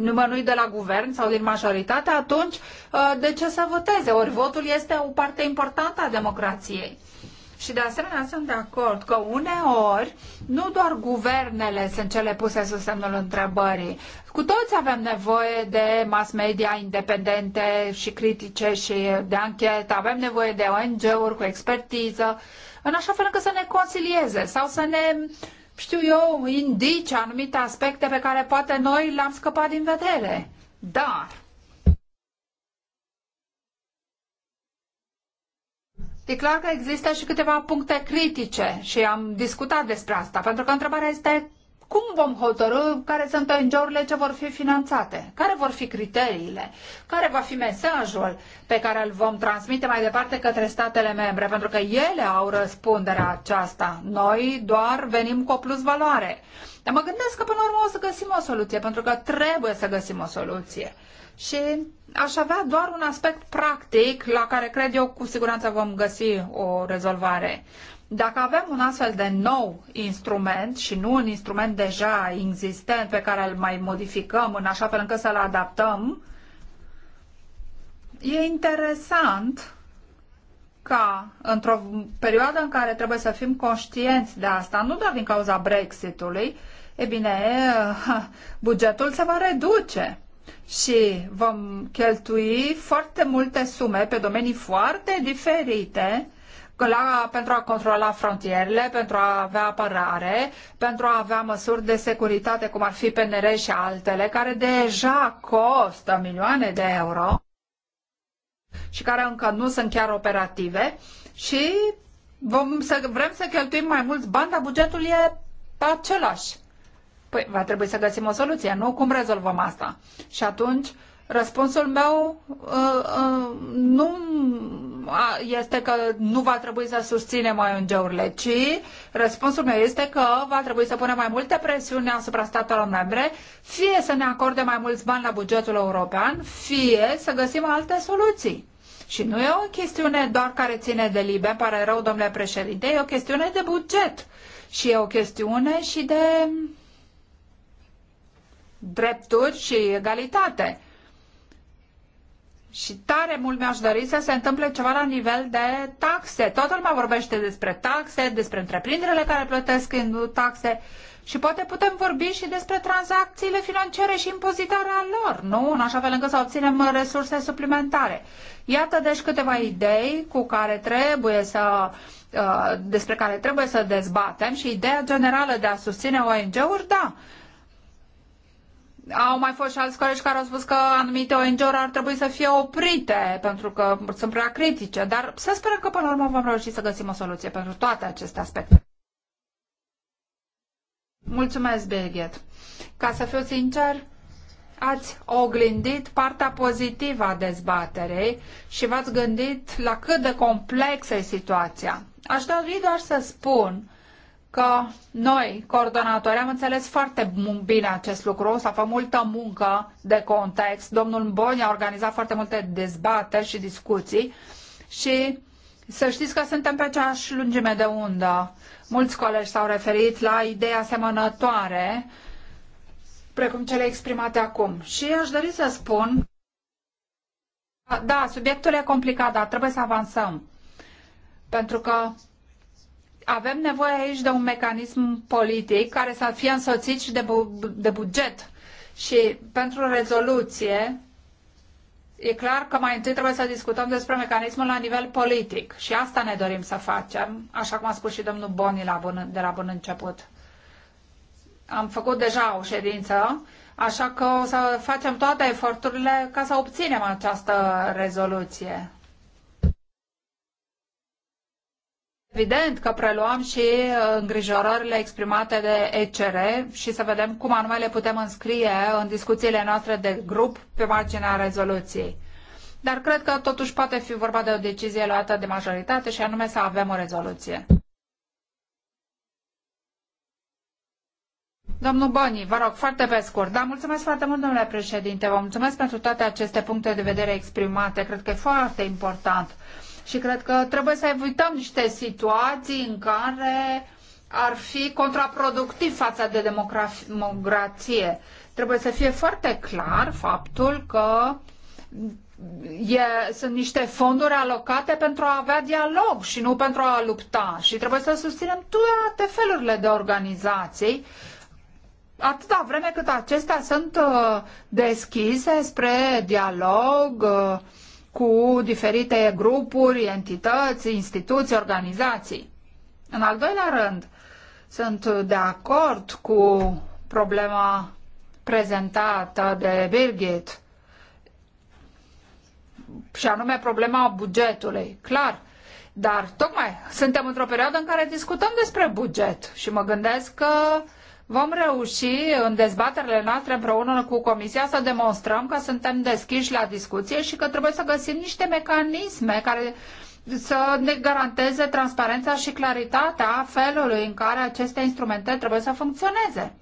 nimănui de la guvern sau din majoritate, atunci uh, de ce să voteze? Ori votul este o parte importantă a democrației. Și de asemenea sunt de acord că uneori nu doar guvernele sunt cele puse sub semnul întrebării. Cu toți avem nevoie de mass media independente și critice și de anchetă, avem nevoie de ONG-uri cu expertiză, în așa fel încât să ne concilieze sau să ne știu eu, indice anumite aspecte pe care poate noi le-am scăpat din vedere. Dar E clar că există și câteva puncte critice și am discutat despre asta, pentru că întrebarea este cum vom hotărâ care sunt ONG-urile ce vor fi finanțate? Care vor fi criteriile? Care va fi mesajul pe care îl vom transmite mai departe către statele membre? Pentru că ele au răspunderea aceasta. Noi doar venim cu o plus valoare. Dar mă gândesc că până la urmă o să găsim o soluție, pentru că trebuie să găsim o soluție și aș avea doar un aspect practic la care cred eu cu siguranță vom găsi o rezolvare. Dacă avem un astfel de nou instrument și nu un instrument deja existent pe care îl mai modificăm în așa fel încât să-l adaptăm, e interesant ca într-o perioadă în care trebuie să fim conștienți de asta, nu doar din cauza Brexitului, e bine, <laughs> bugetul se va reduce și vom cheltui foarte multe sume pe domenii foarte diferite la, pentru a controla frontierele, pentru a avea apărare, pentru a avea măsuri de securitate, cum ar fi PNR și altele, care deja costă milioane de euro și care încă nu sunt chiar operative și vom să, vrem să cheltuim mai mulți bani, dar bugetul e același. Păi va trebui să găsim o soluție, nu? Cum rezolvăm asta? Și atunci, răspunsul meu uh, uh, nu este că nu va trebui să susținem ONG-urile, ci răspunsul meu este că va trebui să punem mai multe presiuni asupra statelor membre, fie să ne acorde mai mulți bani la bugetul european, fie să găsim alte soluții. Și nu e o chestiune doar care ține de libe, pare rău, domnule președinte, e o chestiune de buget și e o chestiune și de drepturi și egalitate. Și tare mult mi-aș dori să se întâmple ceva la nivel de taxe. Totul lumea vorbește despre taxe, despre întreprinderile care plătesc în taxe și poate putem vorbi și despre tranzacțiile financiare și impozitarea lor, nu? În așa fel încât să obținem resurse suplimentare. Iată deci câteva idei cu care trebuie să uh, despre care trebuie să dezbatem și ideea generală de a susține ONG-uri, da, au mai fost și alți colegi care au spus că anumite ONG-uri ar trebui să fie oprite pentru că sunt prea critice, dar să sperăm că până la urmă vom reuși să găsim o soluție pentru toate aceste aspecte. Mulțumesc, Birgit. Ca să fiu sincer, ați oglindit partea pozitivă a dezbaterei și v-ați gândit la cât de complexă e situația. Aș dori doar să spun că noi, coordonatori, am înțeles foarte bine acest lucru, s-a făcut multă muncă de context. Domnul Boni a organizat foarte multe dezbateri și discuții și să știți că suntem pe aceeași lungime de undă. Mulți colegi s-au referit la idei asemănătoare, precum cele exprimate acum. Și aș dori să spun, da, subiectul e complicat, dar trebuie să avansăm. Pentru că avem nevoie aici de un mecanism politic care să fie însoțit și de, bu- de buget. Și pentru rezoluție, e clar că mai întâi trebuie să discutăm despre mecanismul la nivel politic. Și asta ne dorim să facem, așa cum a spus și domnul Boni la bun, de la bun început. Am făcut deja o ședință, așa că o să facem toate eforturile ca să obținem această rezoluție. Evident că preluăm și uh, îngrijorările exprimate de ECR și să vedem cum anume le putem înscrie în discuțiile noastre de grup pe marginea rezoluției. Dar cred că totuși poate fi vorba de o decizie luată de majoritate și anume să avem o rezoluție. Domnul Boni, vă rog, foarte pe scurt. Da, mulțumesc foarte mult, domnule președinte. Vă mulțumesc pentru toate aceste puncte de vedere exprimate. Cred că e foarte important și cred că trebuie să evităm niște situații în care ar fi contraproductiv față de democrație. Trebuie să fie foarte clar faptul că e, sunt niște fonduri alocate pentru a avea dialog și nu pentru a lupta. Și trebuie să susținem toate felurile de organizații, atâta vreme cât acestea sunt uh, deschise spre dialog, uh, cu diferite grupuri, entități, instituții, organizații. În al doilea rând, sunt de acord cu problema prezentată de Birgit și anume problema bugetului. Clar, dar tocmai suntem într-o perioadă în care discutăm despre buget și mă gândesc că uh, vom reuși în dezbaterile noastre împreună cu Comisia să demonstrăm că suntem deschiși la discuție și că trebuie să găsim niște mecanisme care să ne garanteze transparența și claritatea felului în care aceste instrumente trebuie să funcționeze.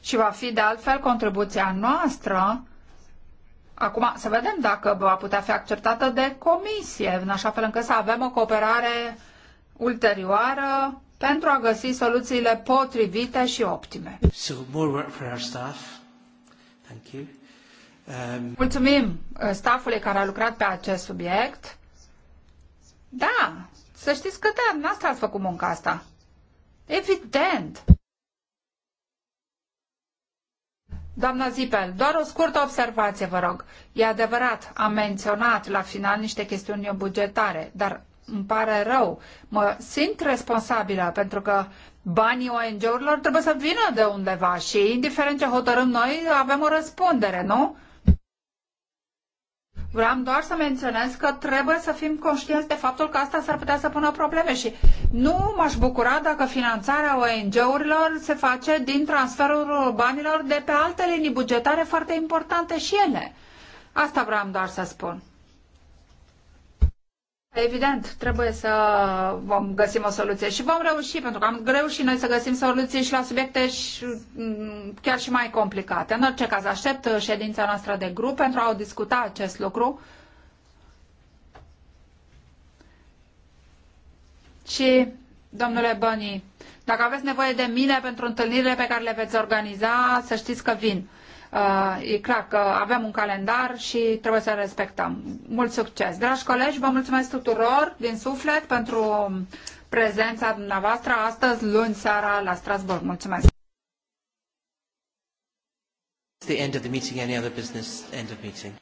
Și va fi de altfel contribuția noastră Acum, să vedem dacă va putea fi acceptată de comisie, în așa fel încât să avem o cooperare ulterioară pentru a găsi soluțiile potrivite și optime. So, more work for our staff. Thank you. Um... Mulțumim uh, staffului care a lucrat pe acest subiect. Da, să știți că da, noastră ați făcut munca asta. Evident! Doamna Zipel, doar o scurtă observație, vă rog. E adevărat, am menționat la final niște chestiuni bugetare, dar îmi pare rău, mă simt responsabilă pentru că banii ONG-urilor trebuie să vină de undeva și indiferent ce hotărâm noi, avem o răspundere, nu? Vreau doar să menționez că trebuie să fim conștienți de faptul că asta s-ar putea să pună probleme și nu m-aș bucura dacă finanțarea ONG-urilor se face din transferul banilor de pe alte linii bugetare foarte importante și ele. Asta vreau doar să spun. Evident, trebuie să vom găsim o soluție și vom reuși, pentru că am greu și noi să găsim soluții și la subiecte și, mm, chiar și mai complicate. În orice caz, aștept uh, ședința noastră de grup pentru a discuta acest lucru. Și, domnule Băni, dacă aveți nevoie de mine pentru întâlnirile pe care le veți organiza, să știți că vin. Uh, e clar că avem un calendar și trebuie să respectăm. Mult succes! Dragi colegi, vă mulțumesc tuturor din suflet pentru prezența dumneavoastră astăzi, luni seara, la Strasbourg. Mulțumesc! the end of the meeting. Any other business? End of meeting.